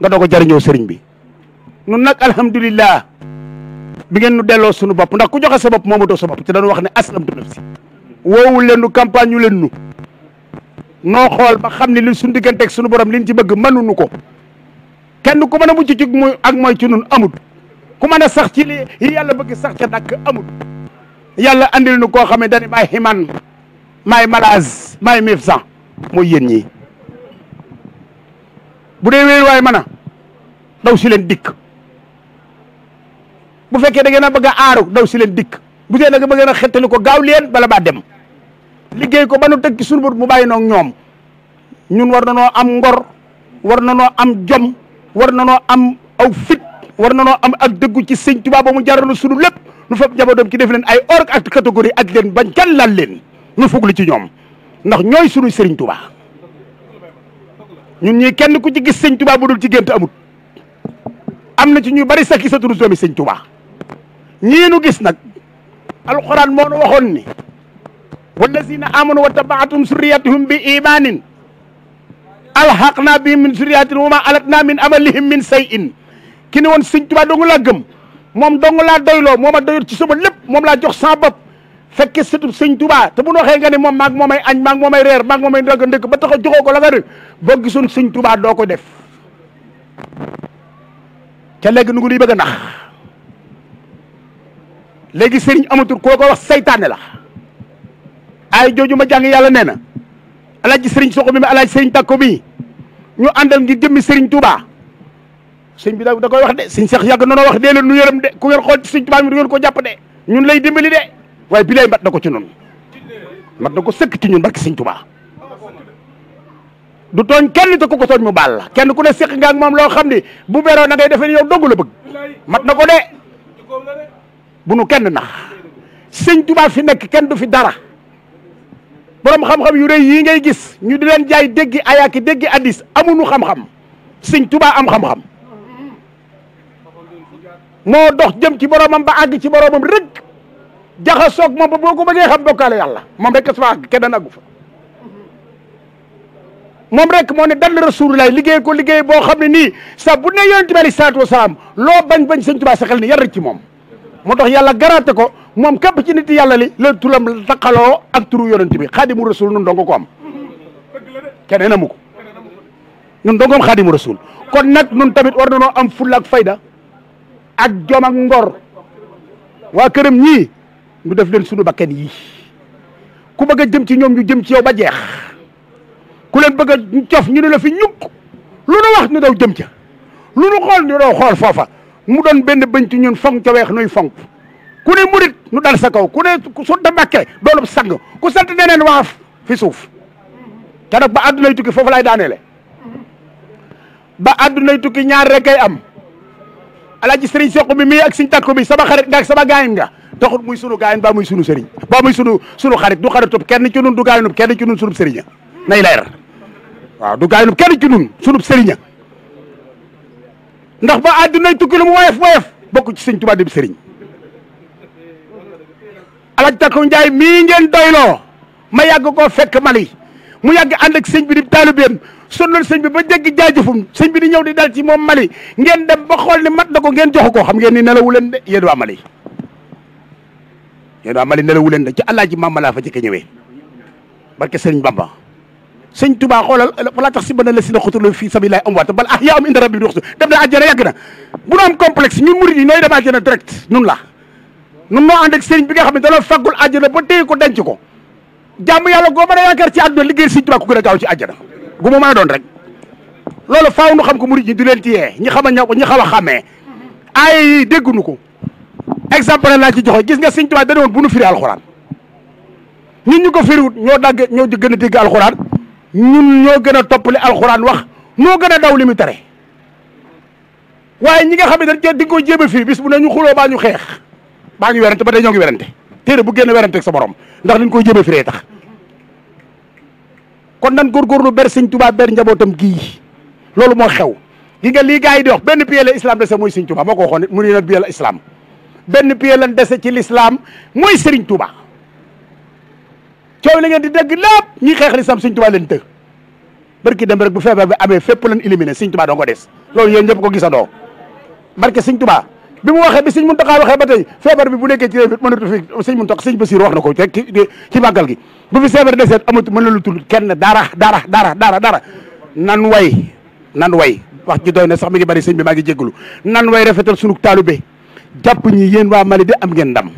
nga doo ko jëriñoo sëriñ bi nun nag alhamdulillah bi ngeen nu delloo sunu bopp ndax ku joxe sa bopp moomu doo sa bopp te dañu wax ne aslamtu nafsi woowul leen nu campagne ñu leen nu noo xool ba xam ne li suñu digganteeg suñu borom liñ ci bëgg mënuñu ko kenn ku mën na mucc ci muy ak mooy ci nun amut ku mën a sax ci li yàlla bëgg sax ca dàkk yàlla andil nu koo xam ne dañu maay ximan maay malaas maay mifsan mooy yéen ñi bu dee wéeru waay mën daw si leen dikk bu fekkee da ngeen a bëgg a aaru daw si leen dikk bu dee da nga bëgg a xettali ko gaaw leen bala baa dem liggéey ko ba nu teg ci sunu bët mu bàyyi noog ñoom ñun war na am ngor war na noo am jom war na noo am aw fit war na noo am ak dëggu ci sëñ Tuubaa ba mu jaral sunu lépp nu fab njabootam ki def leen ay org ak catégorie aj leen bañ jàllal leen nu fuglu ci ñoom ndax ñooy sunu sëriñ Touba ñun ñii kenn ku ci gis sëñ Touba bu dul ci gént amut am na ci ñuy bari sax gisatu doomi sëñ Touba ñii nu gis nag alxuraan moo nu waxoon ni wallazina amanu wa tabaatum surriyatuhum bi imanin alxaqna bihim min surriyatin wa ma alatna min amalihim min say ki ne woon sëñ Touba dong la gëm moom dong laa doyloo moom a doyul ci sama lépp moom laa jox sama bopp fekke sëtu sëñ tubaa te bu waxee nga ne moom maag moomay añ maag moomay reer maag moomay ndëkk ndëkk ba tax a joxoo ko la nga ne boo gisoon sëñ tubaa doo ko def te léegi nu ngi nuy bëgg a nax léegi sëriñ amatul koo ko wax seytaane la ay jooju ma jàng yàlla nee na alaaji sëriñ soxo bi mi alaaji sëriñ takko bi ñu àndal ngi jëmmi sëriñ tubaa sëñ bi da koy wax de sëñ Cheikh yàgg na wax dee leen nu yërëm de ku ngeen ko ci sëñ Tuubaa mi du ngeen ko jàpp de ñun lay dimbali de waaye bi lay mat na ko ci noonu mat na ko sëkk ci ñun barki sëñ Tuubaa du tooñ kenn te ku ko tooñ mu baal la kenn ku ne séq nga ak moom loo xam ni bu beroo na ngay defee ni yow dogg la bëgg mat na ko de bu nu kenn nax sëñ tubaa fi nekk kenn du fi dara borom xam-xam yu rëy yii ngay gis ñu di leen jaay déggi ayaaki déggi addis amuñu xam-xam sëñ Tuubaa am xam-xam moo dox jëm ci boromam ba àgg ci boromam rek soog moom ba boo ko bëggee xam bokkaale yàlla moom rek su fa àgg kenn fa moom rek moo ne dal rasulullah liggéey ko liggéey boo xam ne nii sa bu ne yonent bi aleyhi loo bañ bañ sëñ Tuubaa sa xel ni yar ci moom moo tax yàlla garaate ko moom képp ci nit yàlla li la turam taqaloo ak turu yonent bi xaadimu rasul nun donga ko am keneen amu ko nun dongoom xaadimu rasul kon nag nun tamit war nanoo am fulla ak fayda ak jom ak ngor waa këram ñii ñu def leen sunu bakkan yii ku bëgg a jëm ci ñoom ñu jëm ci yow ba jeex ku leen bëgg a cof ñu ne la fi ñukk lu nu wax ñu daw jëm ca lu nu xool ñu daw xool foofa mu doon benn bëñ ci ñun fonk ca weex nuy fonk ku ne murit nu dal sa kaw ku ne sunta mbàkke doolub sang ku sant neneen waaf fi suuf te nag ba àdduna tukki foofu lay daaneele ba àddunay tukki ñaar rek ay am alaaji sëriñ soq bi mii ak siñ takku bi sama xarit nga ak sama gaayin nga taxut muy sunu gaayin ba muy sunu sëriñ ba muy sunu sunu xarit du xaritub kenn ci nun du gaayinub kenn ci nun sunub sëriña nay leer waaw du gaayinub kenn ci nun sunub sëriña ndax ba àddunay tukki lu mu woyof woyof bokk ci sëñ Tuubaa dib sëriñ takku njaay mii ngeen doyloo ma yàgg koo fekk Mali mu yàgg ànd ak sëñ bi di taalibeem sonal sëñ bi ba jéggi sëñ bi di ñëw di dal ci moom Mali ngeen dem ba xool ni mat na ko ngeen jox ko xam ngeen ni nelawu leen de yéen waa Mali yéen waa Mali nelawu leen de ci Alaaji Maam malaa fa jëkk ñëwee barke sëñ Bamba sëñ Tuubaa xoolal wala tax si bana la si na xutulu fii sabilillahi amwaat bal ahyaa inda rabbihim yuxsanuun dem na àjjana yàgg na bu nu am complexe ñun murid yi nooy dem àjjana direct nun la nun noo ànd ak sëriñ bi nga xam ne daloo faggul àjjana ba téye ko denc ko jàmm yàlla goo mën a yaakaar ci àdduna liggéey Sëñ Tuubaa ku gën a gaaw ci àjjana gu mu mën doon rek loolu faaw nu xam ko murid ñi di leen tiyee ñi xam a ña ñi xaw a xàmmee aaya yi déggunu ko exemple naa ci joxe gis nga Sëñ Tuubaa dana woon bu nu firi alxuraan ñun ñu ko firiwut ñoo dagg ñoo gën a dégg alxuraan ñun ñoo gën a toppali alxuraan wax ñoo gën a daw li mu tere waaye ñi nga xam ne dañ cee di ko jéem bis bu ne ñu xuloo baa ñu xeex baa ñu werante ba tey ñoo ngi werante téere bu génn werante ak sa borom ndax liñ koy jëmee firee tax kon nan góorgóorlu ber sëñ Tuubaa ber tam gii loolu moo xew gi nga lii gars yi di wax benn pied la islam dese mooy sëñ Tuubaa moo ko waxoon it mu ne nag pied la islam benn pied lan dese ci lislaam mooy sëriñ Tuubaa coow la ngeen di dégg lépp ñi xeex l'islam sëñ Tuubaa leen të ki dem rek bu feebar bi amee fépp lan éliminé sëñ Tuubaa doo ko des loolu yéen ñëpp ko gisandoo barke siñ tubaa bi mu waxee bi sëñ Muntaxa waxee ba tey feebar bi bu nekkee ci réew mi mënatu fi sëñ Muntaxa sëñ Basiir wax na ko rek ci màggal gi bu fi feebar deseet amatu mën na lu tudd kenn dara dara dara dara dara nan way way wax ji na sax mi ngi bari sëñ maa ngi jégalu nan way rafetal sunu taalube jàpp ñi yéen waa Mali de am ngeen ndam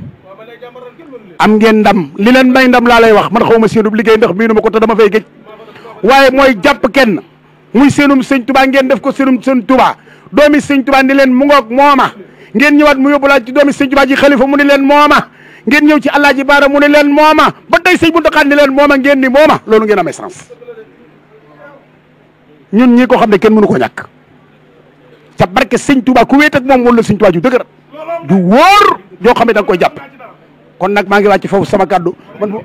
am ngeen ndam li leen may ndam laa lay wax man xaw ma seenub liggéey ndax miinu ma ko te dama fay géej waaye mooy jàpp kenn muy seenum sëñ Tuubaa ngeen def ko seenum sëñ Tuubaa doomi sëñ Tuubaa ni leen mu ngoog mooma ngeen ñëwaat mu yóbbulaat ci doomi sëñ Tuubaa ji xalifa mu ni leen mooma ngeen ñëw ci Alaaji Baara mu ni leen mooma ba tey sëñ Muntaxa ni leen mooma ngeen ni mooma loolu ngeen amee sens ñun ñi ko xam ne kenn mënu ko ñàkk ca barke sëñ Tuubaa ku wéet ak moom wala sëñ Tuubaa ju dëgër ju wóor joo xam ne da nga koy jàpp kon nag maa ngi wàcc foofu sama kàddu man fo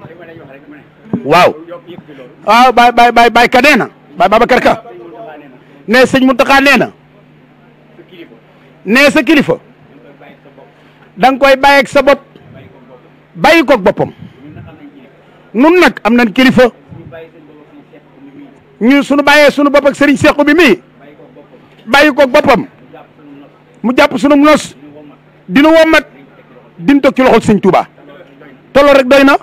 waaw waaw bay bay bay ka nee na bay Babacar Ka ne sëñ Muntaxa nee na nee sa kilifa da nga koy bàyyi sa bopp bàyyi koog boppam nun nag am nañ kilifa ñu sunu bàyyee sunu bopp ak sëriñ seexu bi mii bàyyi koog boppam mu jàpp sunu nos dina womat dina toog ci loxol sëñ Tuuba tolloo rek doy na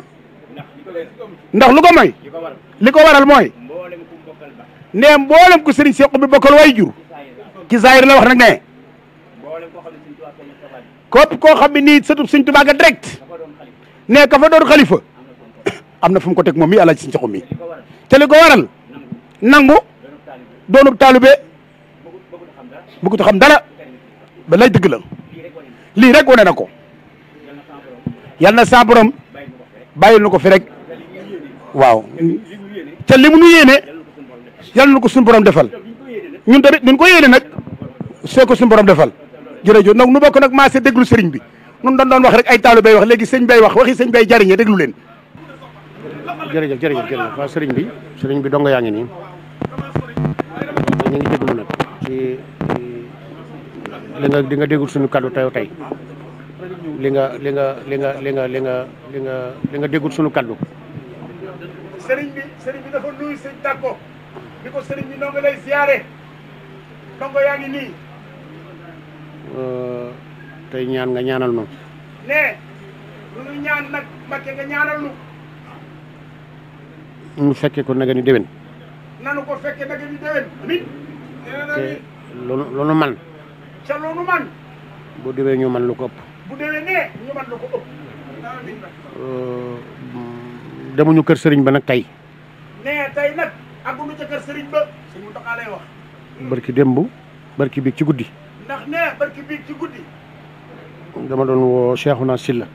ndax lu ko moy li ko waral mooy nee mboolem ku sëriñ seexu bi bokkal way jur ci zaahir la wax nag ne képp ko xam ne nii sëtub sëñ Tuubaa ga direct ne ka fa doon am na fu mu ko teg moom mi alaaji sëñ Saxum mi te li ko waral nangu doonub taalibe bëggut xam dara ba lay dëgg la lii rek wane na ko yal na sa borom bàyyil ko fi rek waaw te li mu nu yéene yal na ko suñu borom defal ñun tamit duñ ko yéene nag soo ko suñu defal jërëjëf donc nu bokk nag maase déglu sëriñ bi nun doon doon wax rek ay taalu bay wax léegi sëñ bay wax waxi sëñ bay jariñe déglu leen jërëjëf jërëjëf jërëjëf waaw sëriñ bi sëriñ bi dong yaa ngi nii li nga di nga déggul suñu kaddu tey tey li nga li nga li nga li nga li nga li nga li sëriñ bi sëriñ bi dafa nuyu sëñ tàkko bi ko sëriñ bi noo lay siyaare ndongo yaa nii Euh, tey ñaan nga ñaanal noonu. nee lu ñu ñaan nag Mbacke nga ñaanal nu. ñu fekke ko naga ni nanu ko fekke naga ni déwén. amiin. man. ca loolu man. bu déwee ñu man lu ko ëpp. bu déwee nee ñu man lu ko ëpp. Euh, demuñu kër sëriñ ba nag tey. nee tey nag àgguñu ca kër sëriñ ba. suñu doxalee wax. barki démb barki bi ci guddi. ndax ne barki biig ci guddi. dama doon woo Cheikhouna Sylla.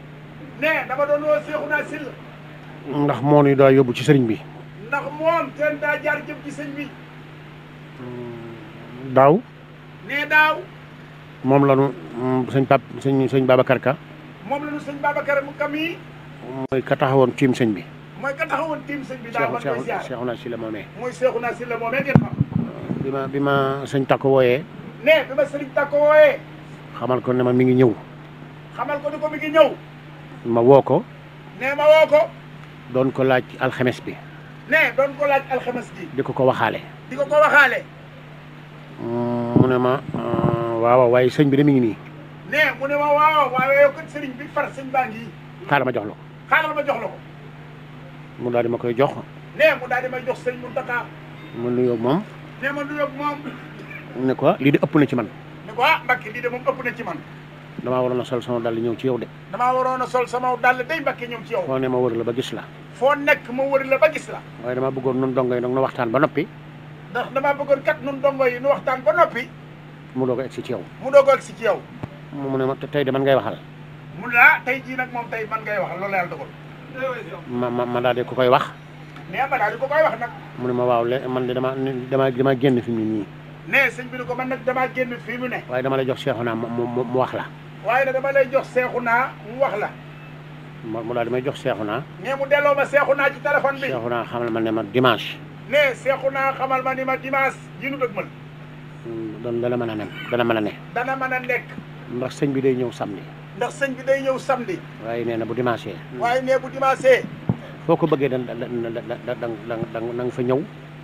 ne dama doon woo Cheikhouna Sylla. ndax moom yi daa yóbbu ci sëriñ bi. ndax moom seen daa jaar jëm ci sëriñ bi. Mm, daaw. ne daaw. moom la ñu mm, sëñ pap sëñ sëñ Babacar Ka. moom la ñu sëñ Babacar Ka mii. mooy ka taxawoon tiim sëñ bi. mooy ka taxawoon tiim sëñ bi. daaw man koy ziar Cheikhouna Sylla moomee. mooy Cheikhouna Sylla moomee ngeen xam. bi ma bi ma sëñ Takko wooyee. ne bi ma sëriñ Tako xamal ko ne ma mi ngi ñëw. xamal ko ne ko mi ngi ñëw. ma woo ko. ne ma woo doon ko laaj alxames bi. ne doon ko laaj alxames bi. di ko ko waxaale. di ko ko waxaale. Mm, mu ne ma uh, waaw waaye sëñ bi de mi ngi nii. ne mu ne ma waaw waaye yow sëriñ bi far sëñ baa ngi. xaaral ma jox la mu daal di koy jox. ne mu daal di may jox sëñ Mountakha. mu nuyoog moom. ne ma nuyoog moom. ne ko lii de ëpp na ci man ne ko ah Mbacke lii de moom ëpp na ci man damaa waroon a sol sama dàll ñëw ci yow de damaa waroon a sol sama dàll day Mbacke ñëw ci yow foo ne ma wër ba gis la foo nekk ma wër ba gis la bëggoon nun dongo nag nu waxtaan ba noppi ndax bëggoon kat waxtaan ba noppi mu doog ci yow mu doog ci yow mu ne ma tey de man ngay waxal mu ah, wax nee ma daal ko koy wax ne ma waaw le man de dama dama damaa génn fi mu nii ne sëñ bi ni ko man nag damaa génn fii mu ne. waaye dama lay jox Seexuna mu wax la. waaye nag dama lay jox Seexuna mu wax la. mu daal di may jox Seexuna. ne mu delloo ma naa ci téléphone bi. Seexuna xamal ma ne ma dimanche. ne Seexuna xamal ma ni ma dimanche ji nu dëgmal. Hmm, doon dana mën a ne dana mën a ne. dana mën a nekk. ndax sëñ bi day ñëw samedi. ndax sëñ bi day ñëw samedi. waaye nee na bu dimanche. waaye nee bu dimanche. foo ko bëggee da da da da nga fa ñëw.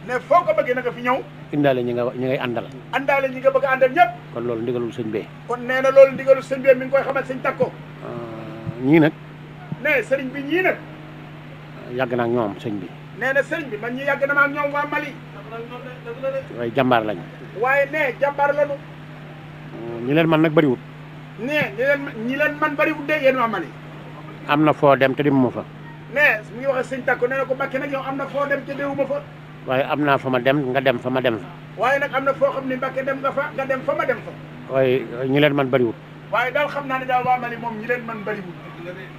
ne foo ko bëggee nag nga fi ñëw indaale ñi nga ñi ngay àndal àndaale ñi nga bëgg a àndal ñëpp kon loolu ndigalul sëñ bee kon nee na loolu ndigalul sëñ bee mi ngi koy xamal sëñ takko euh, nag sëriñ bi ñii nag yàgg naa ñoom sëñ bi nee na sëriñ bi man ñi yàgg na ma ak ñoom waa Mali waaye jàmbaar lañ waaye ne jàmbaar lañu euh, ñi leen man nag bëriwut ne ñi leen ñi leen man bëriwut de yéen waa Mali am na foo dem te mu ma fa ne mu ngi waxe sëñ takko nee na ko Mbàkke nag yow am na foo dem te déwuma fa waaye am naa fa ma dem nga dem fa ma dem fa. waaye nag leen man bëriwul. waaye daal xam naa ne daal waa Mali moom ñi man bëriwul.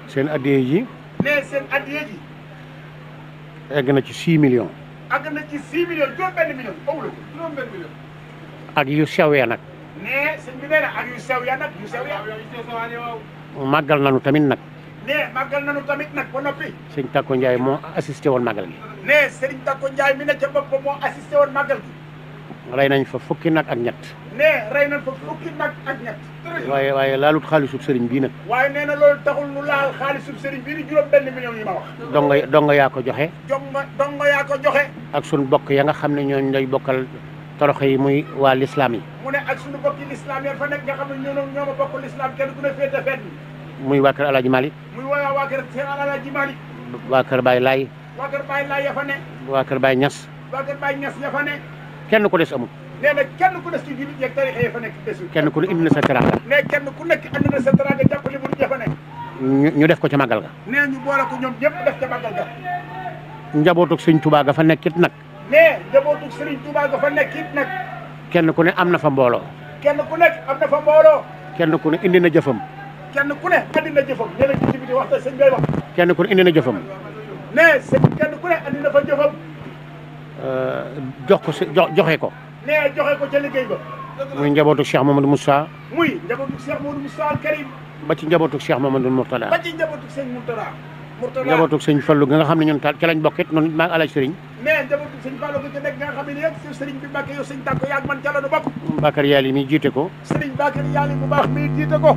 seen addiya yi. nee seen addiya yi. na ci 6 millions. àgg na ci 6 million awul benn million. ak yu sew ya nag. nee sëñ bi nee na ak yu sew ya nag yu sew ya. màggal nañu tamit nag. ne màggal nañu tamit nag ba noppi. sëñ Tako Ndiaye moo assisté woon gi. ne sëriñ Tako Ndiaye mi ne ca boppam moo assisté woon gi. rey nañ fa fukki nag ak ñett. ne rey nañ fa fukki nag ak ñett. waaye waaye laalut xaalisub sëriñ bii nag. waaye nee na loolu taxul nu laal xaalisub sëriñ bii di juróom benn million yi ma wax. dongo dongo yaa ko joxe. dongo yaa joxe. ak sun bokk ya nga xam ne ñooñ lay bokkal toroxe yi muy waa lislaam yi. mu ne ak muy waa kër Alaaji Malick muy waa waa kër seen Alaaji waa kër Baye Ñas waa kër Ñas ya kenn ku des kenn ku des ci jullit kenn ku ne indi na sa kenn ku nekk indi na sa ñu def ko ca màggal ga nee ñu boole ko ñoom ñëpp def ca ga njabootug sëñ Tuubaa fa nekkit nag mais njabootug sëriñ Tuubaa fa nekkit nag kenn ku ne am na fa mbooloo kenn ku nekk am na fa mbooloo kenn ku ne indi na jëfam kenn ku ne andi na jëfam nee na ci biti wax te sëñ bay wax kenn ku ne indi na jëfam ne sëñ kenn ku ne andi na fa jëfam euh, jox ko si joxe ko ne joxe ko ca liggéey ba muy njabootu Cheikh Mamadou Moussa muy njabootu Cheikh Mamadou Moussa al Karim ba ci njabootu Cheikh Mamadou Mourtada ba ci njabootu sëñ Mourtada Mourtada njabootu sëñ Fallou nga xam ne ñun ta ci lañ bokkit noonu maa ngi alaaj sëriñ mais njabootu sëñ Fallou nga nekk nga xam ne yëpp si sëriñ bi Mbacke yow sëñ Tàkko yaag man ca la nu bokk Bakar Yali mi jiite ko sëriñ Bakar Yali bu baax mi jiite ko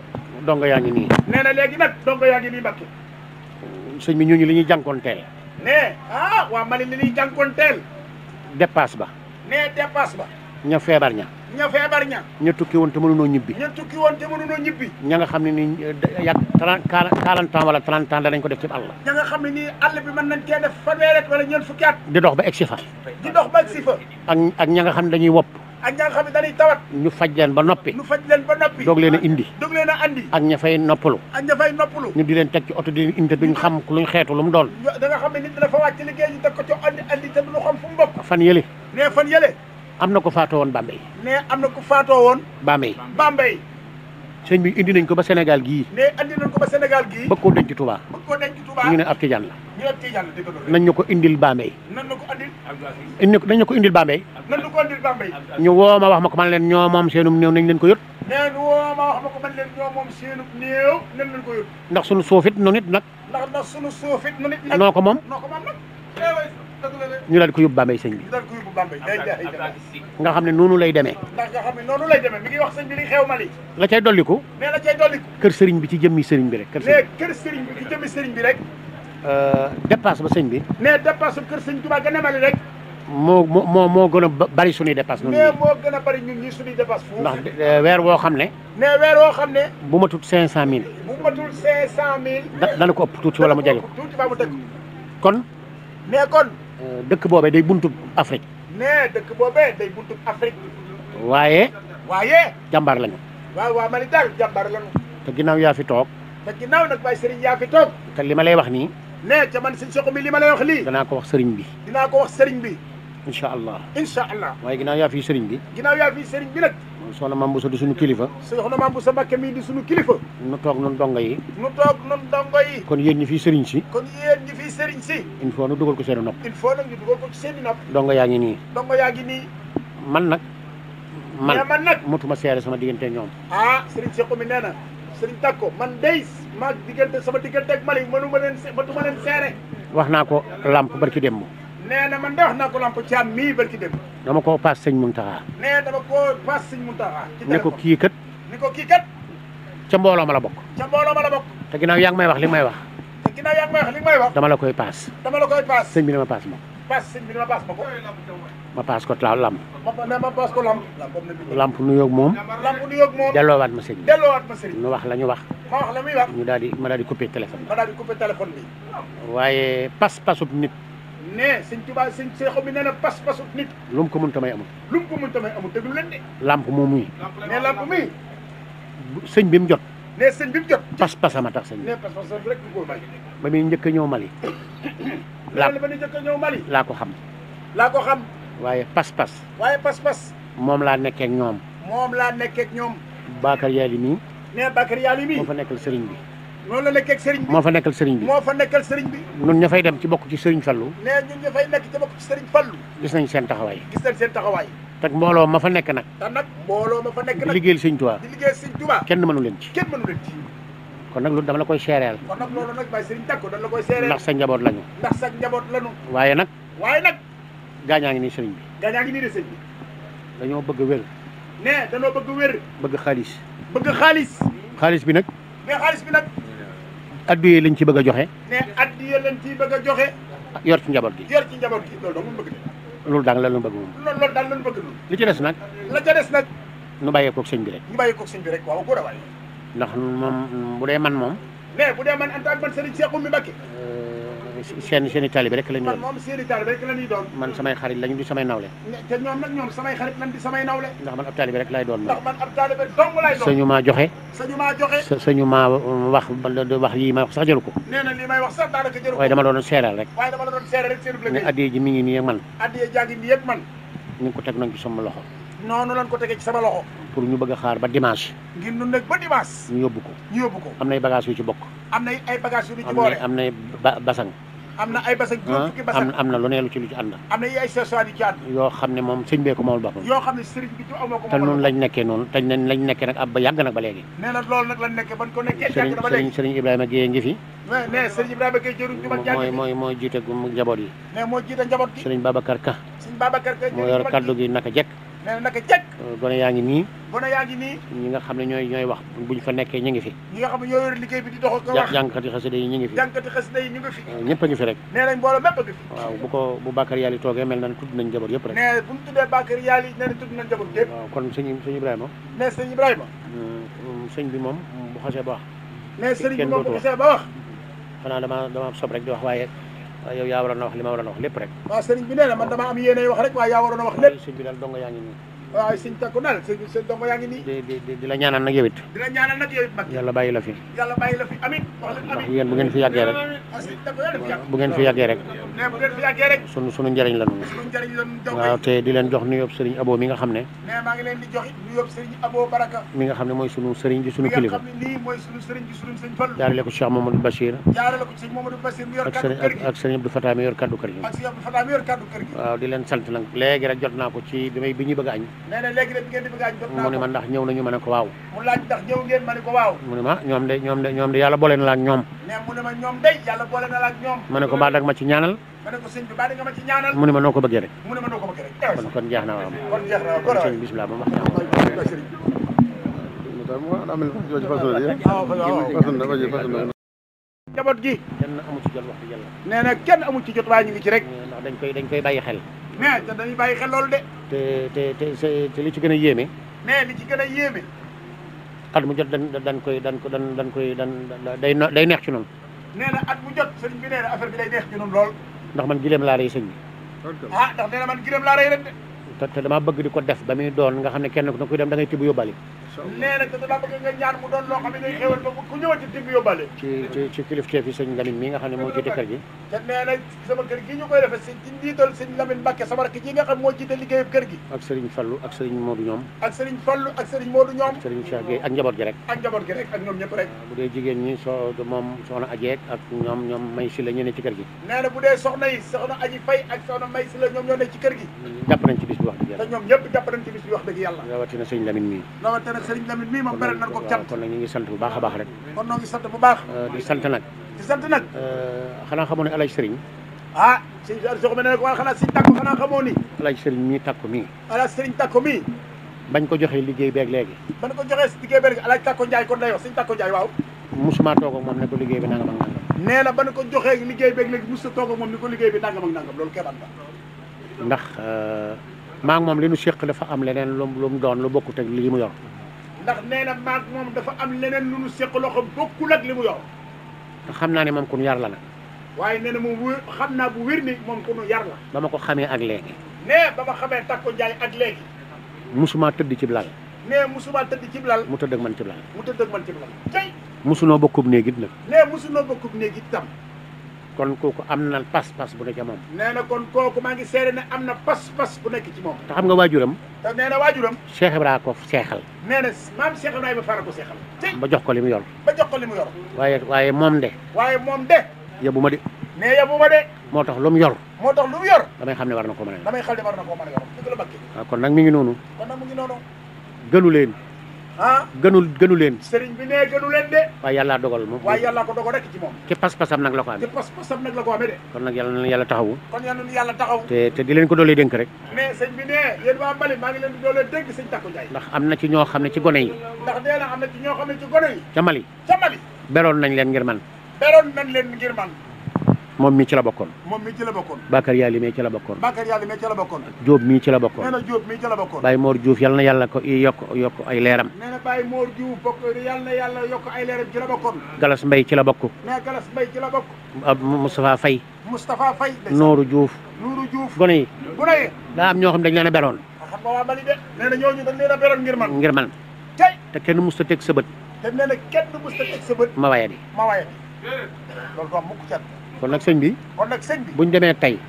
dongo yaa ngi nii. nee na léegi nag dongo yaa ngi ñooñu li ñuy jànkoonteel. nee ah waa ma ne li ñuy jànkoonteel. dépasse ba. nee ña feebar ña. ña feebar ña. ña tukki woon te mënuñoo ñibbi. ña tukki woon te mënuñoo ñibbi. ña nga xam ne nii eh, yàgg trente quarante ans wala trente ans danañ ko def ci àll. ña nga xam ne nii bi mën nañ cee def fanweeri at wala fukki at. di dox ba egsi di dox ba egsi fa. ña nga xam ne dañuy wopp a ña nga xam tawat ñu faj leen ba noppi ñu faj leen leen indi doog leen andi ak ña fay noppalu ak ña fay ñu di leen teg ci oto di leen indi duñ xam luñ xeetu doon da nga xam nit dina fa wàcc liggéey ñu teg ko ci andi andi te duñu xam fu mu fan yële ne fan yële am na ko faatoo woon Bambey ne am na ko faatoo woon Bambey Bambey sëñ bi indi nañ ko ba Sénégal gii. ne indi nañ ko denc Touba. bëgg koo denc Touba ñu ne ab tijaan la. ñu ne ko indil Bambey. nañ ñu ko indi nañ ñu ko indil Bambey. nañ ñu ko indil Bambey. ñu woo ma wax ma ko man leen ñoo moom seenum néew nañ leen ko yot. ñu leen ko yot. ndax sunu suufit nu nit ndax sunu suufit nu noo ko moom ñu daal ko yóbbu Bambey sëñ bi nga xam ne noonu lay demee noonu lay demee mi ngi wax sëñ bi li xew Mali la cay dolliku mais kër sëriñ bi ci jëmmi sëriñ bi rek kër sëriñ bi ci jëmmi sëriñ bi rek euh, dépasse ba sëñ bi mais dépasse kër sëñ Touba gën Mali rek moo moo moo gën a bari suñuy dépasse noonu mais euh, weer woo xam ne mais weer woo xam ne bu matul cinq cent mille bu matul cinq cent mille dana ko ëpp tuuti wala mu jege kon mais kon dëkk boobee day buntub Afrique. nee dëkk boobee day buntub Afrique. waaye. waaye. jàmbaar lañu. waaw waaw man daal jàmbaar lañu. te ginnaaw yaa fi toog. te ginnaaw nag Baye Serigne yaa fi toog. te li ma lay wax nii. nee ca man sëñ Sokh mi li ma lay wax lii. danaa ko wax Serigne bi. dinaa ko wax Serigne bi. incha allah incha allah. waaye ginnaaw yaa fi Serigne bi. ginnaaw yaa fi Serigne bi nag. soxna Mame Bousso di suñu kilifa soxna Mame Bousso Mbacké mii di suñu kilifa nu toog nun dongo yi nu toog nun dongo kon yéen ñi fii sëriñ si kon yéen ñi fii sëriñ si il nu dugal ko seeni nopp il faut nag ñu dugal ko ci seeni dongo yaa ngi nii dongo yaa nii man nag man man nag mutuma seere sama diggante ñoom ah sëriñ Cheikh mi nee na Tako man day ma diggante sama diggante ak Mali mënu ma leen mënuma leen seere wax naa ko làmp barki démb nee na man de wax ko lamp caam mii barki dem dama koo paas sëñ Muntaxa nee ne ko kiikat ni ko kii ca mbooloo ma la bokk te ginnaaw yaa ngi may wax li may wax dama la koy paas sëñ bi dama paas ma paas sëñ ma paas ko la lamp ma paas moom lamp nuyoo ma sëñ bi nu wax la ñu wax ma wax la di ma téléphone ma daal di téléphone bi waaye pas pasub nit ne sëñ Tuubaa sëñ Seexu bi nee na pas-pasu nit lu mu ko mën tamay amul lu ko mën tamay amul déglu leen de làmp moom muy ne làmp muy sëñ bi mu jot ne sëñ bi mu jot pas-pasama tax sëñ bi ne pas ba muy njëkk a ñëw Mali laa ba laa ko xam laa ko xam waaye pas-pas waaye pas-pas moom laa nekkee ñoom moom laa nekkee ak ñoom Bakar Yaali mii ne Bakar Yaali mii moo fa nekkal sëriñ bi loolu la nekkee ak moo fa nekkal sëriñ bi moo fa nekkal sëriñ ña fay dem ci bokk ci sëriñ Fallu nee ñun seen taxawaay gis nañ seen taxawaay te mbooloo ma fa nekk nag te nag di liggéeyal sëriñ Tuubaa di liggéeyal sëriñ Tuubaa kenn mënu leen ci kon nag loolu dama la koy seereel kon ndax sa njaboot lañu ndax sa njaboot lañu waaye nag waaye nag gaañaa ngi nii sëriñ bi gaañaa ngi nii de sëriñ bi dañoo bëgg wér ne dañoo bëgg wér bëgg xaalis xaalis bi nag ne xaalis bi nag addiya lañ ci bëgg a joxe. ne addiya bëgg a joxe. yor ci njaboot gi yor ci njaboot gi loolu moom loolu daal la ñu bëgg moom. loolu daal la ñu bëgg moom. li ci des nag. la ca des nag. nu bàyyee koog sëñ bi rek. bàyyee koog sëñ bi rek waaw góor a ndax moom bu dee man moom. mais bu dee man en tant que man Serigne Cheikh Oumy Mbacké seen seen i taalibe rek la ñu doon man moom seen i taalibe rek la ñuy doon man samay xarit lañu di samay nawle te ñoom nag ñoom samay xarit lañ di samay nawle ndax man ab taalibe rek laay doon ndax man ab taalibe dong laay doon sañu maa joxe sañu maa joxe sañu maa wax wax yi may wax sax jëru ko nee na li may wax sax daanaka jëru ko waaye dama la doon seeral rek waaye dama la doon seeral rek seen bi ne addiye ji mi ngi nii ak man addiye jaa ngi nii ak man ñu ngi ko teg nañ ci sama loxo noonu lañ ko tegee ci sama loxo pour ñu bëgg a xaar ba dimanche ngir ñu nag ba dimanche ñu yóbbu ko ñu yóbbu ko am nay bagage yu ci bokk am na ay bagage yu ci boole am nay basang am na ay bassin juróom ah, fukki am na lu ne lu ci ci ànd am ay sesaan yu ci yoo xam ne moom sëñ bee ko moomal boppam yoo xam ne sëriñ bi ci amoo ko te noonu lañ nekkee noonu te nañ lañ nekkee nag ab ba yàgg nag ba léegi nee na ko nekkee sëriñ Ibrahima Guèye ngi fi ne sëriñ mooy mooy mooy jiite njaboot yi ne moo jiite njaboot gi sëriñ Babacar Ka sëriñ Babacar Ka moo yor kaddu gi naka jekk nee na naka jekk euh, gone yaa ngi nii gone yaa nii ñi nga xam ne ñooy ñooy wax buñ fa nekkee ñu ngi fi ñi nga xam ne ñoo yor liggéey bi di dox ko wax jàngkati xasida yi ñu ngi fi jàngkati xasida ñu ngi fi euh, ñëpp a ngi fi rek nañ mbooloo mépp a bu ko bu Bakar Yàlli toogee mel nañ tudd nañ njaboot yëpp rek nee bu ñu tuddee Bakar Yàlli nañ tudd nañ njaboot yëpp waaw kon sëñ sëñ Ibrahima nee sëñ Ibrahima euh, um, sëñ bi moom bu xasee ba wax nee sëñ bi moom bu xasee ba wax xanaa dama dama sob rek di wax waaye Ah, yaa waroon a wax li ma waroon a wax lépp rek waaw yaa waroon a wax lépp sëriñ yaa ngi di la ñaanal nag yow it. yàlla bàyyi la fi. yàlla bu ngeen bu ngeen fi yàggee rek. Ah, bu ngeen fi yàggee rek. ne sunu njariñ njëriñ la ñu. waaw te di leen jox nuyoo sëriñ Abo mi nga xam ne. sëriñ Abo mi nga xam ne mooy sunu sëriñ di sunu kilifa. mi nga ko Cheikh Mamadou Bachir. jaarale ak sëriñ Abdou Fatah mi yor kaddu kër gi. ak waaw di leen sant nag léegi rek jot naa ko ci bi may bi ñuy bëgg añ nee na ma ndax ñëw nañu ma ne ko waaw mu laaj ma ñoom de ñoom de ñoom de yàlla boole na la ak ñoom ne ko mbaa dag ma ci ñaanal ma ne ko sëñ bi mbaa nga ma ci ñaanal mu ne ma noo ko bëggee rek mu ne ma noo ko bëggee rek kon jeex na waaw kon jeex na waaw sëñ bismillah ba mu wax ñaaw njaboot gi kenn amu ci jot wax dëgg yàlla nee na kenn amu ci jot waa ñu ngi ci rek ndax dañ koy dañ koy bàyyi xel mais te dañuy bàyyi xel loolu de. te te li ci gën a yéeme. mais li ci gën a yéeme. at mu jot dan koy dan ko dan dan koy dan day day neex ci noonu. nee na mu jot sëriñ bi nee na affaire day neex ci noonu lool. ndax man gileem laa rey sëñ bi. ah ndax nee na man gileem laa rey rek de. te te bëgg di ko def ba muy doon nga xam ne kenn ku ne kuy dem da ngay tibb nee na te da bëgg nga ñaan mu doon loo xam ne day xéwal ba ku ñëwati di nga yóbbaale ci ci ci kilifteef yi sëñ Lamine mi nga xam ne moo jiite kër gi te nee na sama kër gi ñu koy defee si ci njiital sëñ Lamine Mbacke sama rakk ji nga xam moo jiite liggéeyub kër gi ak sëriñ Fallu ak sëriñ Modou ñoom ak sëriñ Fallu ak sëriñ Modou ñoom sëriñ Cheikh Gueye ak njaboot gi rek ak njaboot gi rek ak ñoom ñëpp rek bu dee jigéen ñi so moom soxna ajeek ak ñoom ñoom may si la ñu ne ci kër gi nee na bu dee soxna yi soxna aji fay ak soxna may si la ñoom ñoo ne ci kër gi jàpp nañ ci bis bi wax dëgg yàlla te ñoom ñëpp jàpp nañ ci bis bi wax dëgg yàlla rawatina sëñ Lamine mi nag Serigne Lamine mii moom beral nañ ko cant ñu ngi sant bu baax a sant bu baax euh, di sant nag sant nag euh, xanaa xamoo ne El Hadj Serigne ah sëñ soxna ne ko waaye xanaa sëñ tàkko xanaa xamoo ni El Hadj Serigne mii tàkko mii El Hadj Serigne bañ ko joxee liggéey beeg léegi bañ ko joxee liggéey beeg El Hadj tàkko Ndiaye kon day wax sëñ tàkko Ndiaye waaw musuma moom ne ko liggéey bi nangam ak nangam na bañ joxee liggéey beeg léegi musu toog ak moom ni ko liggéey bi nangam ak nangam loolu keban la ndax euh, maa moom li nu séq fa am leneen lu mu doon lu bokkut ak lii mu yor ndax nee na maag moom dafa am leneen lu nu séq loxo xam bokkul ak li mu yor te xam naa ne moom ku nu yar la nag waaye nee na mu wér xam naa bu wér ni moom ku nu yar la ba ma ko xamee ak léegi nee ba ma xamee Takko Njaay ak léegi musumaa tëdd cib lal nee musumaa tëdd cib lal mu tëdd ak man cib lal mu tëdd ak man cib lal tey musunoo bokkub néegit nag nee musunoo bokkub néegit tam kon kooku am na pas-pas bu nekk ci moom. nee na kon kooku maa ngi seede ne am na pas-pas bu nekk ci moom. te xam nga waajuram. te nee na waajuram. Cheikh Ibrahima ko seexal. nee na maam Cheikh Ibrahima Faal ba jox ko li mu yor. ba jox ko li mu yor. waaye waaye moom de. waaye moom de. yóbbu ma de. mais yóbbu de. moo tax lu mu yor. moo tax lu yor. damay xam ne war na koo mën a damay xam ne na yor ah, kon nag mi ngi noonu. kon leen. ah gënul gënu leen sëriñ bi nee de waaye yàllaa dogal moom waaye yàllaa ko dogal rek ci moom ci pas-pasam nag pas-pasam nag la ko amee kon nag yàlla yàlla taxawu kon te di leen ko doolee dénk rek mais sëñ bi nee waa Mbalit maa ngi leen doolee dénk sëñ Takku Njaay ndax am na ci ñoo xam ne ci gone yi ndax nee na am na ci ñoo xam ne ci gone yi ca Mali beroon nañ leen ngir man beroon nañ leen ngir man moom mii ci la bokkoon moom mii ci la bokkoon Bakar Yaali mii ci la bokkoon Bakar Yaali mii ci la bokkoon Jóob mii ci la bokkoon nee na Jóob mii ci la bokkoon Baye Mor Diouf yal na yàlla ko yokk yokk ay leeram nee na Baye Mor Diouf bokk yal na yàlla yokk ay leeram ci la bokkoon Galas Mbay ci la bokk nee Galas Mbay ci la bokk Moustapha Faye Moustapha Faye Nooru Diouf Nooru Diouf gone yi gone yi daa am ñoo xam dañ leen a beroon xam nga waa Mali de nee na ñooñu dañ leen a beroon ngir man ngir man tey te kenn musta teg sa bët te nee na kenn musta teg sa bët ma waye bi ma waye bi loolu du am mukk cat kon nag sëñ bi. buñ demee tey.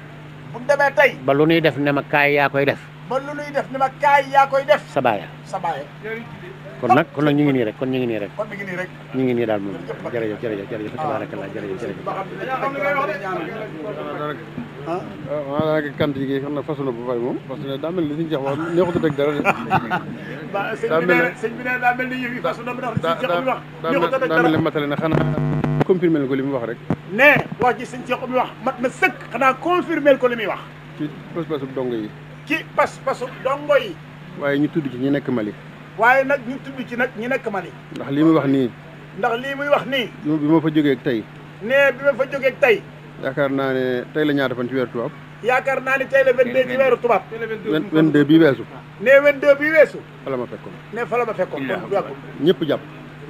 buñ nuy def ne ma yaa koy def. ba lu nuy def ne ma sabaaya kon nag kon nag ñu ngi nii rek kon ñu nii rek. kon ñu daal moom jërëjëf jërëjëf jërëjëf ah. ah. Ah, a dégg dara de. daa mel ne sëñ bi bu a dara ne matale xanaa. confirmé ko li mu wax rek. ne wax ji sëñ Cheikh mi wax mat na sëkk xanaa confirmé ko li muy wax. ci pas-pasu dongo yi. ci pas-pasu dongo yi. waaye ñu tudd ci ñi nekk Mali. waaye nag ñu tudd ci nag ñi nekk Mali. ndax lii muy wax nii. ndax lii muy wax nii. bi ma fa jógee tey. ne bi ma fa jógee tey. yaakaar naa ne tey la ñaata fan ci weeru tubaab. yaakaar naa ne tey la 22 ci weeru tubaab. 22 bii weesu. ne 22 bii weesu. fa la ma fekkoon. ne fa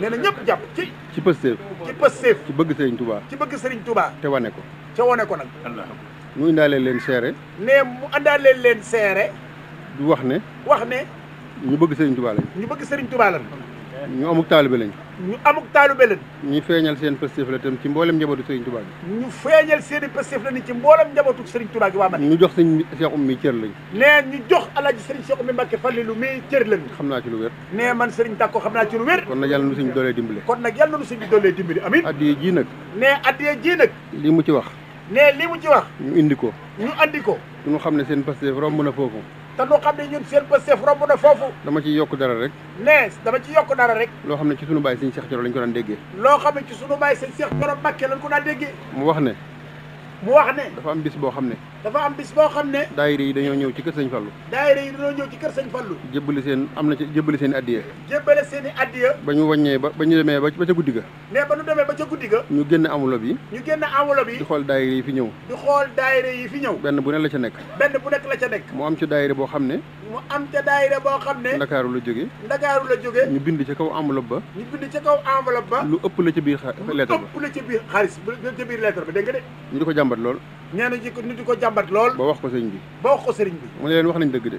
nee na ñëpp jàpp ci. ci pësteef ci pësteef. ci bëgg Serigne Touba. ci bëgg Serigne Touba. te wane ko. te wane ko nag. mu indaale leen seere. ne mu indaale leen seere. du wax ne. wax ne. ñu bëgg Serigne Touba ñu bëgg Serigne Touba lañ. ñu amuk taalibe lañ ñu amuk taalibe lañ ñu feeñal seen pëstéef la tam ci mboolem njabootu Serigne Touba gi ñu i jox sëñ Cheikh Oumy cër lañ nee ñu jox alaaji Serigne Cheikh Oumy Mbacké Fallilou mii cër lañ xam naa ci lu wér nee man Serigne Tako xam naa ci lu wér kon nag yàlla nu suñ doolee dimbale kon amin addiye ji nag nee addiye ji nag li mu ci wax nee li mu ci wax ñu indi ko ñu andi ko ñu xam ne seen pëstéef romb na foofu te nu xam ne ñun seen pësteef romb na foofu dama ci yokk dara rek nees dama ci yokk dara rek loo xam ne ci sunu baay sëñ Cheikh Thioro lañ ko daan déggee loo xam ne ci sunu baay sëñ Cheikh Thioro Mbacké lañ ko daan déggee mu wax ne mu wax ne dafa am bis boo xam ne dafa am bis boo xam ne daayira yi dañoo ñëw ci kër sëñ Fallu daayira yi dañoo ñëw ci kër sëñ Fallu jébbali seen am na ci jébbali seen i addiya jébbale seen addiya ba ñu waññee ba ba ñu demee ba ca guddi ga ne ba ñu demee ba ca guddi ga ñu génn enveloppe bi ñu génn enveloppe bi di xool daayira yi fi ñëw di xool daayira yi fi ñëw benn bu nekk la ca nekk benn bu nekk la ca nekk mu am ci daayira boo xam ne mu am ca daayira boo xam ne ndakaaru la jóge ndakaaru la jóge ñu bind ci kaw enveloppe ba ñu bind ca kaw enveloppe ba lu ëpp la ca biir lettre ba ëpp la ca biir xaalis ca biir lettre ba dégg nga de ñu di ko jàmbat lool ñee na ñu di ko jàmbat lool ba wax ko sëriñ bi ba wax ko sëriñ bi mu ne leen wax nañ dëgg de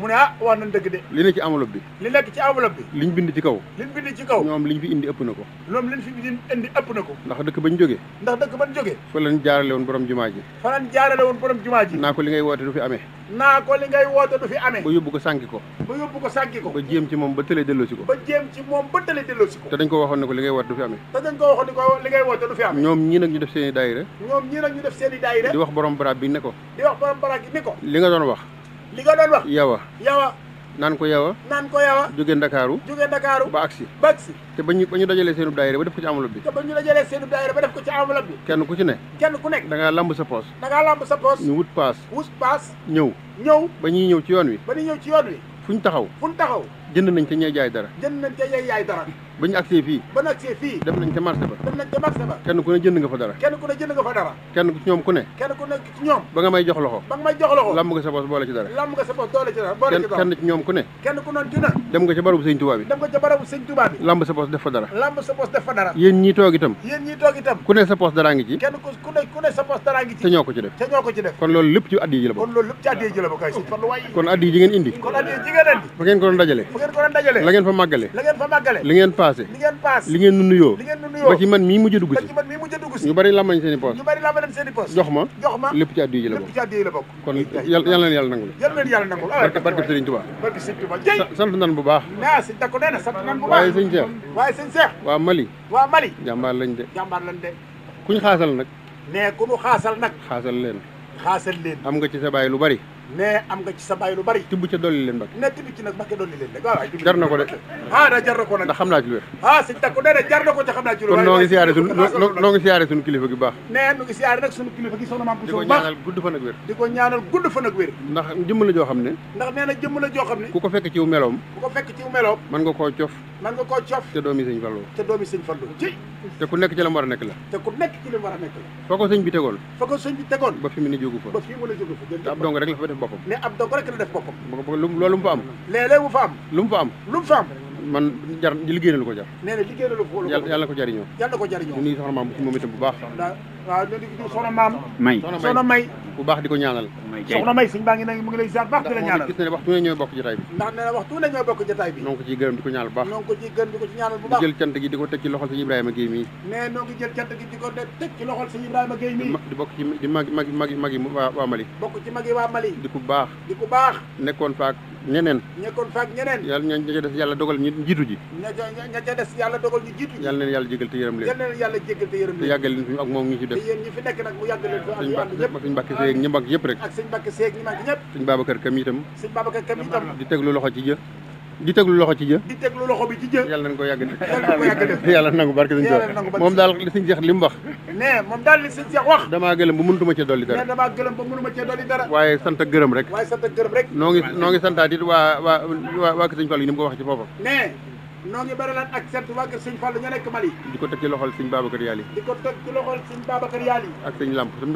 mu ne ah wax nañ dëgg de li nekk ci enveloppe bi li nekk ci enveloppe bi liñ bind ci kaw liñ bind ci kaw ñoom liñ fi indi ëpp na ko ñoom liñ fi indi ëpp na ko ndax dëkk bañ jógee ndax dëkk bañ jógee fa lañ jaarale woon borom jumaa ji fa lañ jaarale woon borom jumaa ji naa ko li ngay woote du fi amee naa ko li ngay woote du fi amee ba yóbbu ko sànki ko ba yóbbu ko sànki ko ba jéem ci moom ba tëlee delloo si ko ba jéem ci moom te dañ ko waxoon ne ko li ngay woote du fi amee te dañ i daayira ñoom ñii nag ñu def seen i daayira di wax borom barab bi ne ko ko li nga doon wax li nga doon wax yawa yawa naan ko yawa naan ko yawa jóge ndakaaru jóge ndakaaru ba agsi ba agsi te ba ñu ba ñu dajalee seenub daayira ba def ko ci enveloppe bi ba ñu dajalee seenub daayira ba def ko ci enveloppe bi kenn ku ci ne kenn ku nekk da ngaa lamb sa poos da ngaa lamb sa poos ñu wut paas wut paas ñëw ñëw ba ñuy ñëw ci yoon wi ba ñuy ñëw ci yoon wi fu ñu taxaw fu ñu taxaw jënd nañ ca ñee jaay dara jënd nañ ca ñee dara ba ñu agsee fii ba ñu agsee fii dem nañ ca marché ba dem nañ ca marché ba kenn ku ne jënd nga fa dara kenn ku ne jënd nga fa dara kenn ci ñoom ku ne kenn ku ne ci ñoom ba nga may jox loxo ba nga may jox loxo lamb nga sa bopp boole ci dara lamb nga sa bopp boole ci dara boole ci dara kenn ci ñoom ku ne kenn ku noon ci na dem nga ca barabu sëñ Tuubaa bi dem nga ca barabu sëñ Tuubaa bi lamb sa bopp def fa dara lamb sa bopp def fa dara yéen ñii toog itam yéen ñii toog itam ku ne sa poos dara ngi ci kenn ku ne ku ne sa poos dara ngi ci te ñoo ko ci def te ñoo ko ci def kon loolu lépp ci addi ji la bokk kon loolu lépp ci addi ji la bokk kon addi ji ngeen indi kon addi ji ngeen indi fa ngeen ko doon dajale fa ngeen ko doon dajale la ngeen fa màggale la ngeen fa màggale li ngeen paase li ngeen paas li ngeen nu nuyoo ba ci man mii mujj dugg si ñu bari làmbañ seen i poos jox ma lépp ci addu yi la bokk kon yal yal nangul barke barke sëriñ Tuubaa barke sant nan bu baax waaye sëñ Seex waa Mali waa lañ de kuñ xaasal nag xaasal leen am nga ci sa lu bari ne am nga ci sa bàyyi lu bari. tibb ca dolli leen Mbacke. ne tibb ci nag Mbacke dolli leen rek na ko de ah da jar na ko ndax xam naa ci lu wér. Ah, naa ci lu. kon noo ngi siyaare sunu noo ngi siyaare sunu kilifa gi baax. nee nu ngi siyaare nag sunu kilifa gi soxna maam bu baax. ndax jëmm la joo xam ne. ndax nee na jëmm la joo xam ne. ku ko fekk ci wu meloom. ku ko fekk ci wu meloom. mën nga koo cof man nga koo cof te doomi sëñ Fallou te doomi sëñ Fallou ci te ku nekk ci la mu war a nekk la te ku nekk ci war a nekk la foo ko sëñ bi tegoon ba fi mu ne jógu te ab dong rek la fa def boppam mais ab dong rek la def boppam loolu mu fa am léeg-léeg mu fa am lu mu fa am lu mu fa am man liggéey na ko jar nee liggéey na lu ko yàlla na ko jariñoo yàlla na ko jariñoo maam bu moom itam bu baax waaw loolu di soxna maam may soxna may bu baax di ko ñaanal soxna may suñu baa ngi nag mu ngi lay ziar baax di la ñaanal gis na ne waxtu ne ñooy bokk jotaay bi ndax nee na waxtu ne ñooy bokk jotaay bi noo ngi ko ciy gërëm di ko ñaanal bu baax noo ngi ko ciy gërëm di ko ci ñaanal bu baax jël cant gi di ko teg ci loxol suñu Ibrahima Guèye mii mais noo ngi jël cant gi di ko teg ci loxol suñu Ibrahima Guèye mii di bokk ci di magi magi magi magi waa Mali bokk ci magi waa Mali di ku baax di ku baax nekkoon faak ñeneen nekkoon faak ñeneen yàlla ña ca des yàlla dogal ñu jiitu ji ña ca des yàlla dogal ñu jiitu ji yàlla neen yàlla jégal te yërëm leen yàlla neen yàlla jégal te yërëm leen yàggal leen ak moom ñu ci def yéen ñi fi nekk nag mu yàgg leen fi am yàgg ñëpp suñ Mbàkke Seeg ñi mag yëpp rek ak suñ Mbàkke Seeg ñi mag ñëpp suñ Babacar Kam itam suñ Babacar Kam itam di teglu loxo ci jë di teglu loxo ci jë di teglu loxo bi ci jë moom daal li Seex li mu wax moom daal li Seex wax damaa gëlëm ba mënutuma cee dolli dara waaye sant gërëm rek waaye sant waa waa waa waa ko ko wax ci foofa noo ngi beralaat ak sant waa kër sëñ ña nekk Mali di ko teg ci loxol sëñ Babacar Yali di ko teg ci loxol sëñ Babacar Yali ak sëñ Lamp sëñ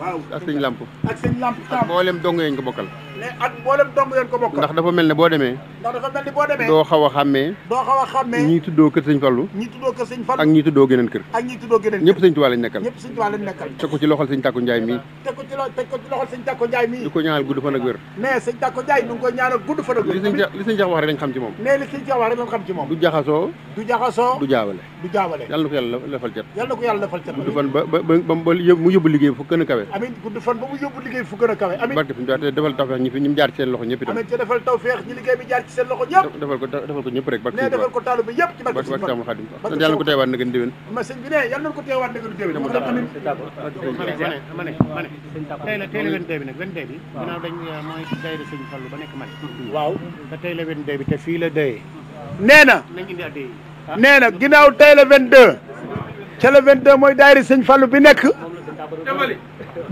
waaw ak sëñ Lamp ak sëñ Lamp ak mboolem dong yañ ko bokkal léegi ndax dafa mel ne boo demee. ndax dafa mel ni boo doo a xàmmee. doo xaw a xàmmee ñii tuddoo kër sëñ Fallu. ñii tuddoo kër sëñ Fallu ak ñii tuddoo geneen kër. ak ñii tuddoo geneen kër ñëpp sëñ ko ci loxol sëñ Tàkku Njaay mii. teg ko ci loxol sëñ Tàkku Njaay mii. di ko ñaanal gudd fan ak wér. mais sëñ Tàkku Njaay ñu ngi koy ñaanal gudd fan ak li sëñ li sëñ Jax du jaxasoo. du jaxasoo du jaawale. du jaawale yàlla na ko yàlla defal cat. gudd fan ba mu yóbbu liggéey fu gën a kawe. amiin gudd fan ba mu yóbbu liggéey fu gën a kawe. amiin barke ñi fi ñi mu jaar ci seen loxo ñëpp defal tawfeex ñi liggéey bi jaar ci seen loxo ñëpp. defal ko defal rek bak ko taalu bi yëpp ci bak ko teewaat bi ne yàlla nañ ko teewaat nëgën déwén ma la tey la euh, mooy dayre sëñ Fallu bi na nañ na ginnaaw tey la 22 mooy daayira sëñ Fallu bi nekk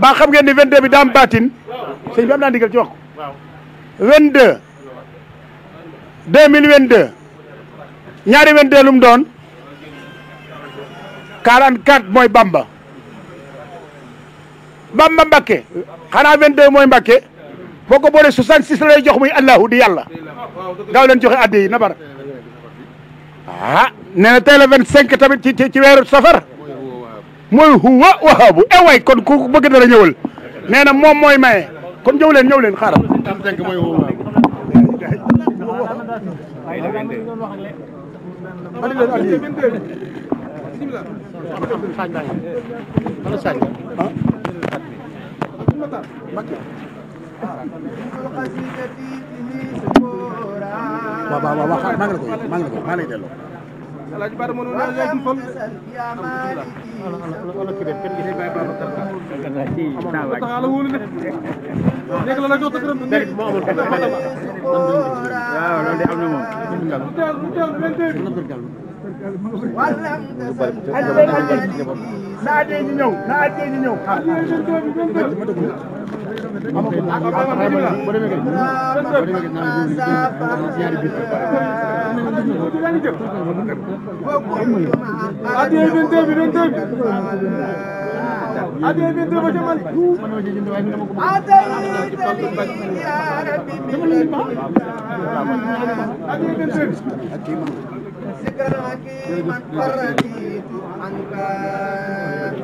ba xam ngeen ni 22 bi daam baatin sëñ bi am 22 2022 ñaari 22 lu mu doon 44 mooy Bamba Bamba Mbakke xanaa 22 mooy Mbakke boo ko boolee 66 la lay jox muy allahu di yàlla gaaw leen joxe addi yi na bar ah nee na tamit ci ci safar mooy huwa wahabu e kon ku bëgg dara ñëwal nee moom mooy maye. kon ñëw leen ñëw leen xaaral. waaw waaw waaw maa ngi la koy maa ngi la koy maa ngi lay delloo Alaaji Bara mënoon naa leen dul fal. ala ala ala na addee ñu ñëw na addee ñu ñëw addee vingt-deux bi vingt-deux bi addee vingt-deux ba jamal addee vingt-deux bi ذكرك مقرك عنك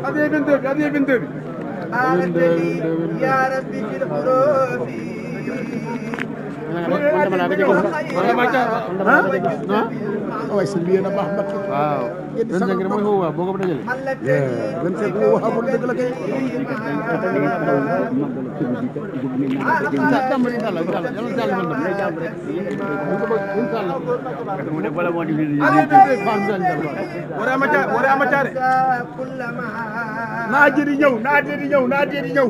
أبي بنت أبي بنت أعرف لي يا ربي في الحروف waaye sëñ bi yéen a baax mbàkk waaw gën sa ngir mooy xaw waaw boo ko dajalee gën sa ngir wax amul dëgg la kay tàmbali inshallah inshallah yàlla jàll man dam lay jàmm rek inshallah mu ne bala moo di wara ma ca wara ma caare naa jëri ñëw naa jëri ñëw naa jëri ñëw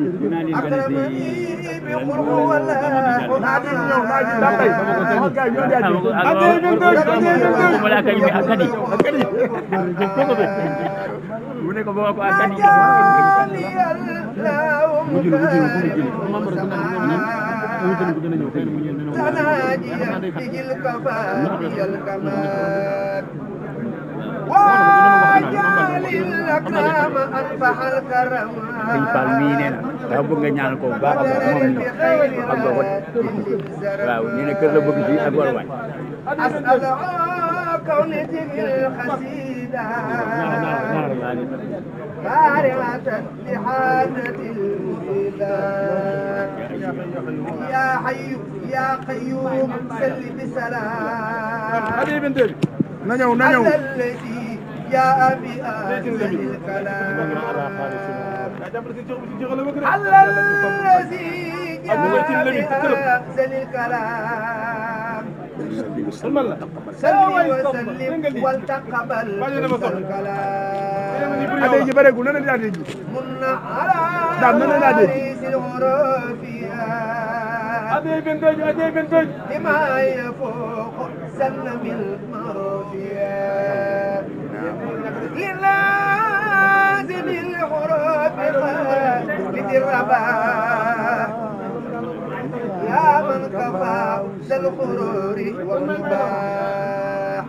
تناجي بجل كفاء الكمال الأكرام أصبح الكرم سيد فالمين daa bëgg nga ñaanal ko bu baax a baax moom ñu ak boo ko waaw ñu ne kër la bëgg fii ak war waay بارعة لحاجة يا حي يا قيوم سل بسلام حبيبي na ñëw na ñëw جاء بأحسن الكلام على الذي جاء بأحسن الكلام سلم وسلم والتقبل adeji bare gu nana adeji munna ala dam nana adeji adeji ben doji adeji ben doji ima yafo سلم المرجيا للازم الحروف لتربى يا من كفى ذا الغرور والمباح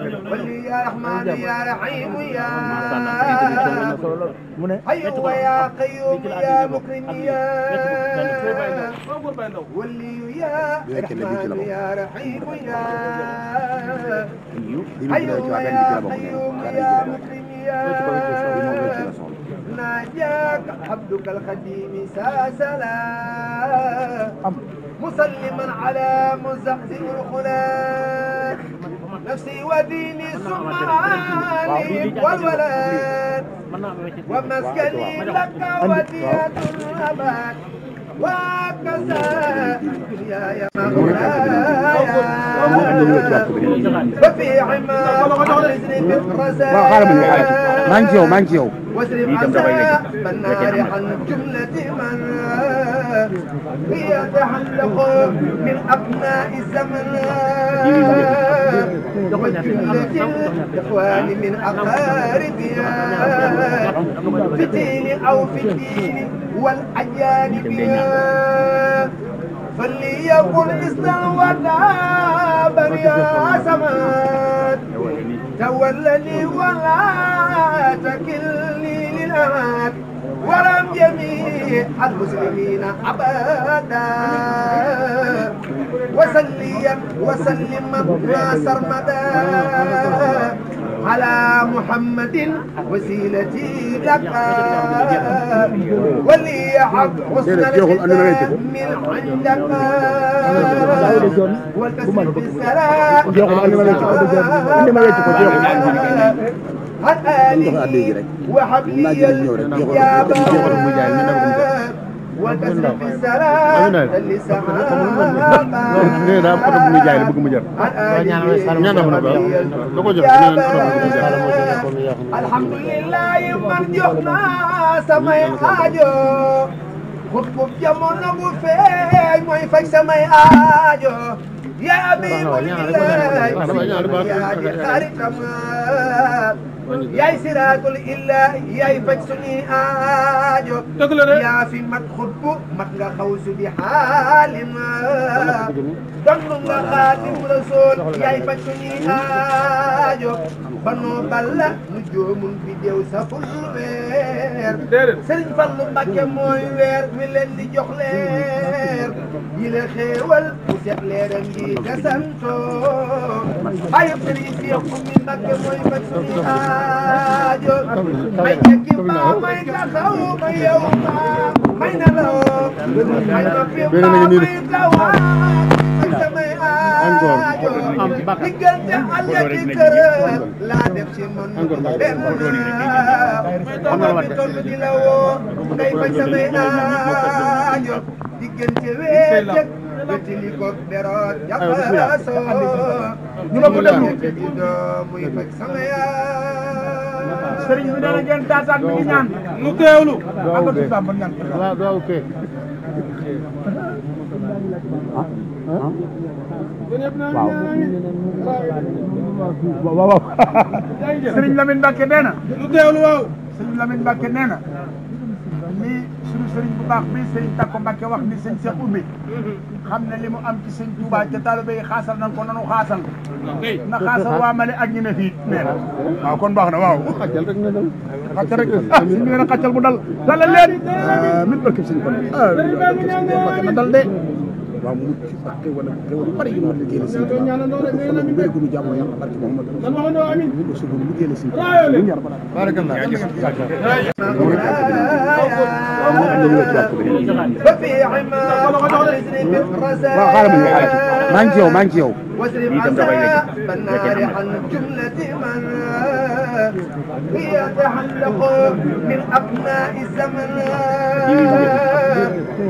قل لي يا رحمن يا رحيم يا حي يا قيوم يا مكرم يا ولي يا رحمن يا رحيم يا حي يا قيوم يا مكرم يا ناجاك عبدك القديم ساسلا مسلما على مزحزح الخلاق نفسي وديني سمعاني والولد ومسكني لك وديعة الأبد وكذا يا مولاي ففي عمار عزري بالرزاق ما نجيو ما نجيو واسري عسى من نار عن جملة من ليتحلق من أبناء الزمن وجلة الإخوان من أقاربها في الدين أو في الدين والأجانب فليكن إسلام ولا بريا سماد تولني ولا تكلني للأمات ورم جميع المسلمين أبدا وسلم وسلم سرمدا على محمد وسيلتي لك ولي عبد حسن الختام من عندك والبسم بالسلام nañ ko fa àddee ji rek naaj bi ñëw rek jéego jéego mu jaay ñu dem ko mu jaay la bëgg mu jar ñaanal ma ko da ko jot alhamdulilah man jox naa samay aajo xutbub jamono bu feeñ mooy faj samay aajo yaa bi mu yaay siraakul illaa yaay faj suñuy aajo yaa fi mat xutbu mat nga xawsu bi xaalim don nga xaatim rasool yaay faj suñuy aajo ba balla nu joomun bi deew sa ful weer sëriñ Fallu Mbàkke mooy weer wi leen di jox leer yi la xéewal mu set leeram yi te santoo ayub sëriñ Seex Umi Mbàkke mooy faj suñuy aajo jóg may jëkki mbaa may taxaw may yow mbaa may nelaw may noppi mbaa may dawaa may samay aajo diggante àll ci kër laa def ci man benn naa toog bi tontu di la woo ngay faj samay aajo diggante wee jëkk weti li ko beroot jaxasoo ñu ma ko déglu muy faj samay aajo sëriñ bi nee na ngeen taataan mi ngi ñaan nu teewlu Ahmadou Bamba ñaan waaw doo kee waaw waaw waaw suñu sëriñ bu baax bi sëriñ Tako Mbacke wax ni sëñ Cheikh Oumy xam ne li mu am ci sëñ Touba ca taalibe yi xaasal nañ ko nanu xaasal na xaasal waa Mali ak ñu ne fii nee na waaw kon baax na waaw xaccal rek na dal xaccal rek ah suñu nee na xaccal bu dal dalal leen mit barkeb sëñ kon na dal de waaw mucc ak xéwal ak xéwal yu bëri yu mën liggéey la si ñu bëri gu ñu jàmm yàlla barke Muhammad ñu subu liggéey la si ñu yar bala barakallah waaw xaaral ma ñëw maa ngi ci yow maa ngi ci yow lii tam dafay nekk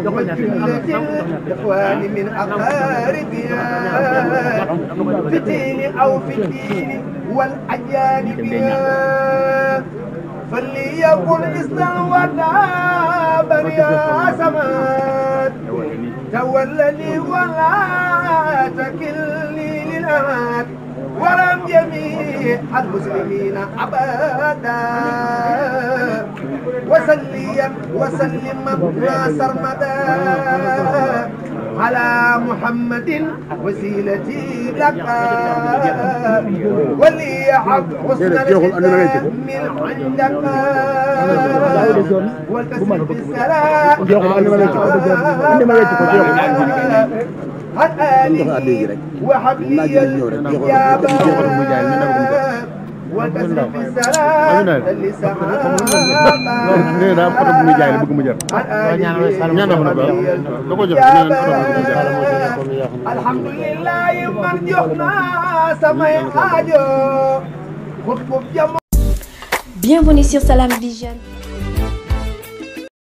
جملة إخوان من أقاربنا في الدين أو في الدين والأجانب فليكن إسلام ونابر يا سماد تولني ولا تكلني للأمات ورم جميع المسلمين أبدا وسليا وسلما سرمدا على محمد وسيلتي لك ولي عبد حسن الختام عندك والتسلم بالسلام عن آله وحبلي الإجابة وكسب السلام للسحابة nee naa oto bu muy jaay la bëgg mu jar ñaan na ko da ko jox ñaan oto bu muy jaay alhamdulillah man jox naa samay aajo Bienvenue sur Salam Vision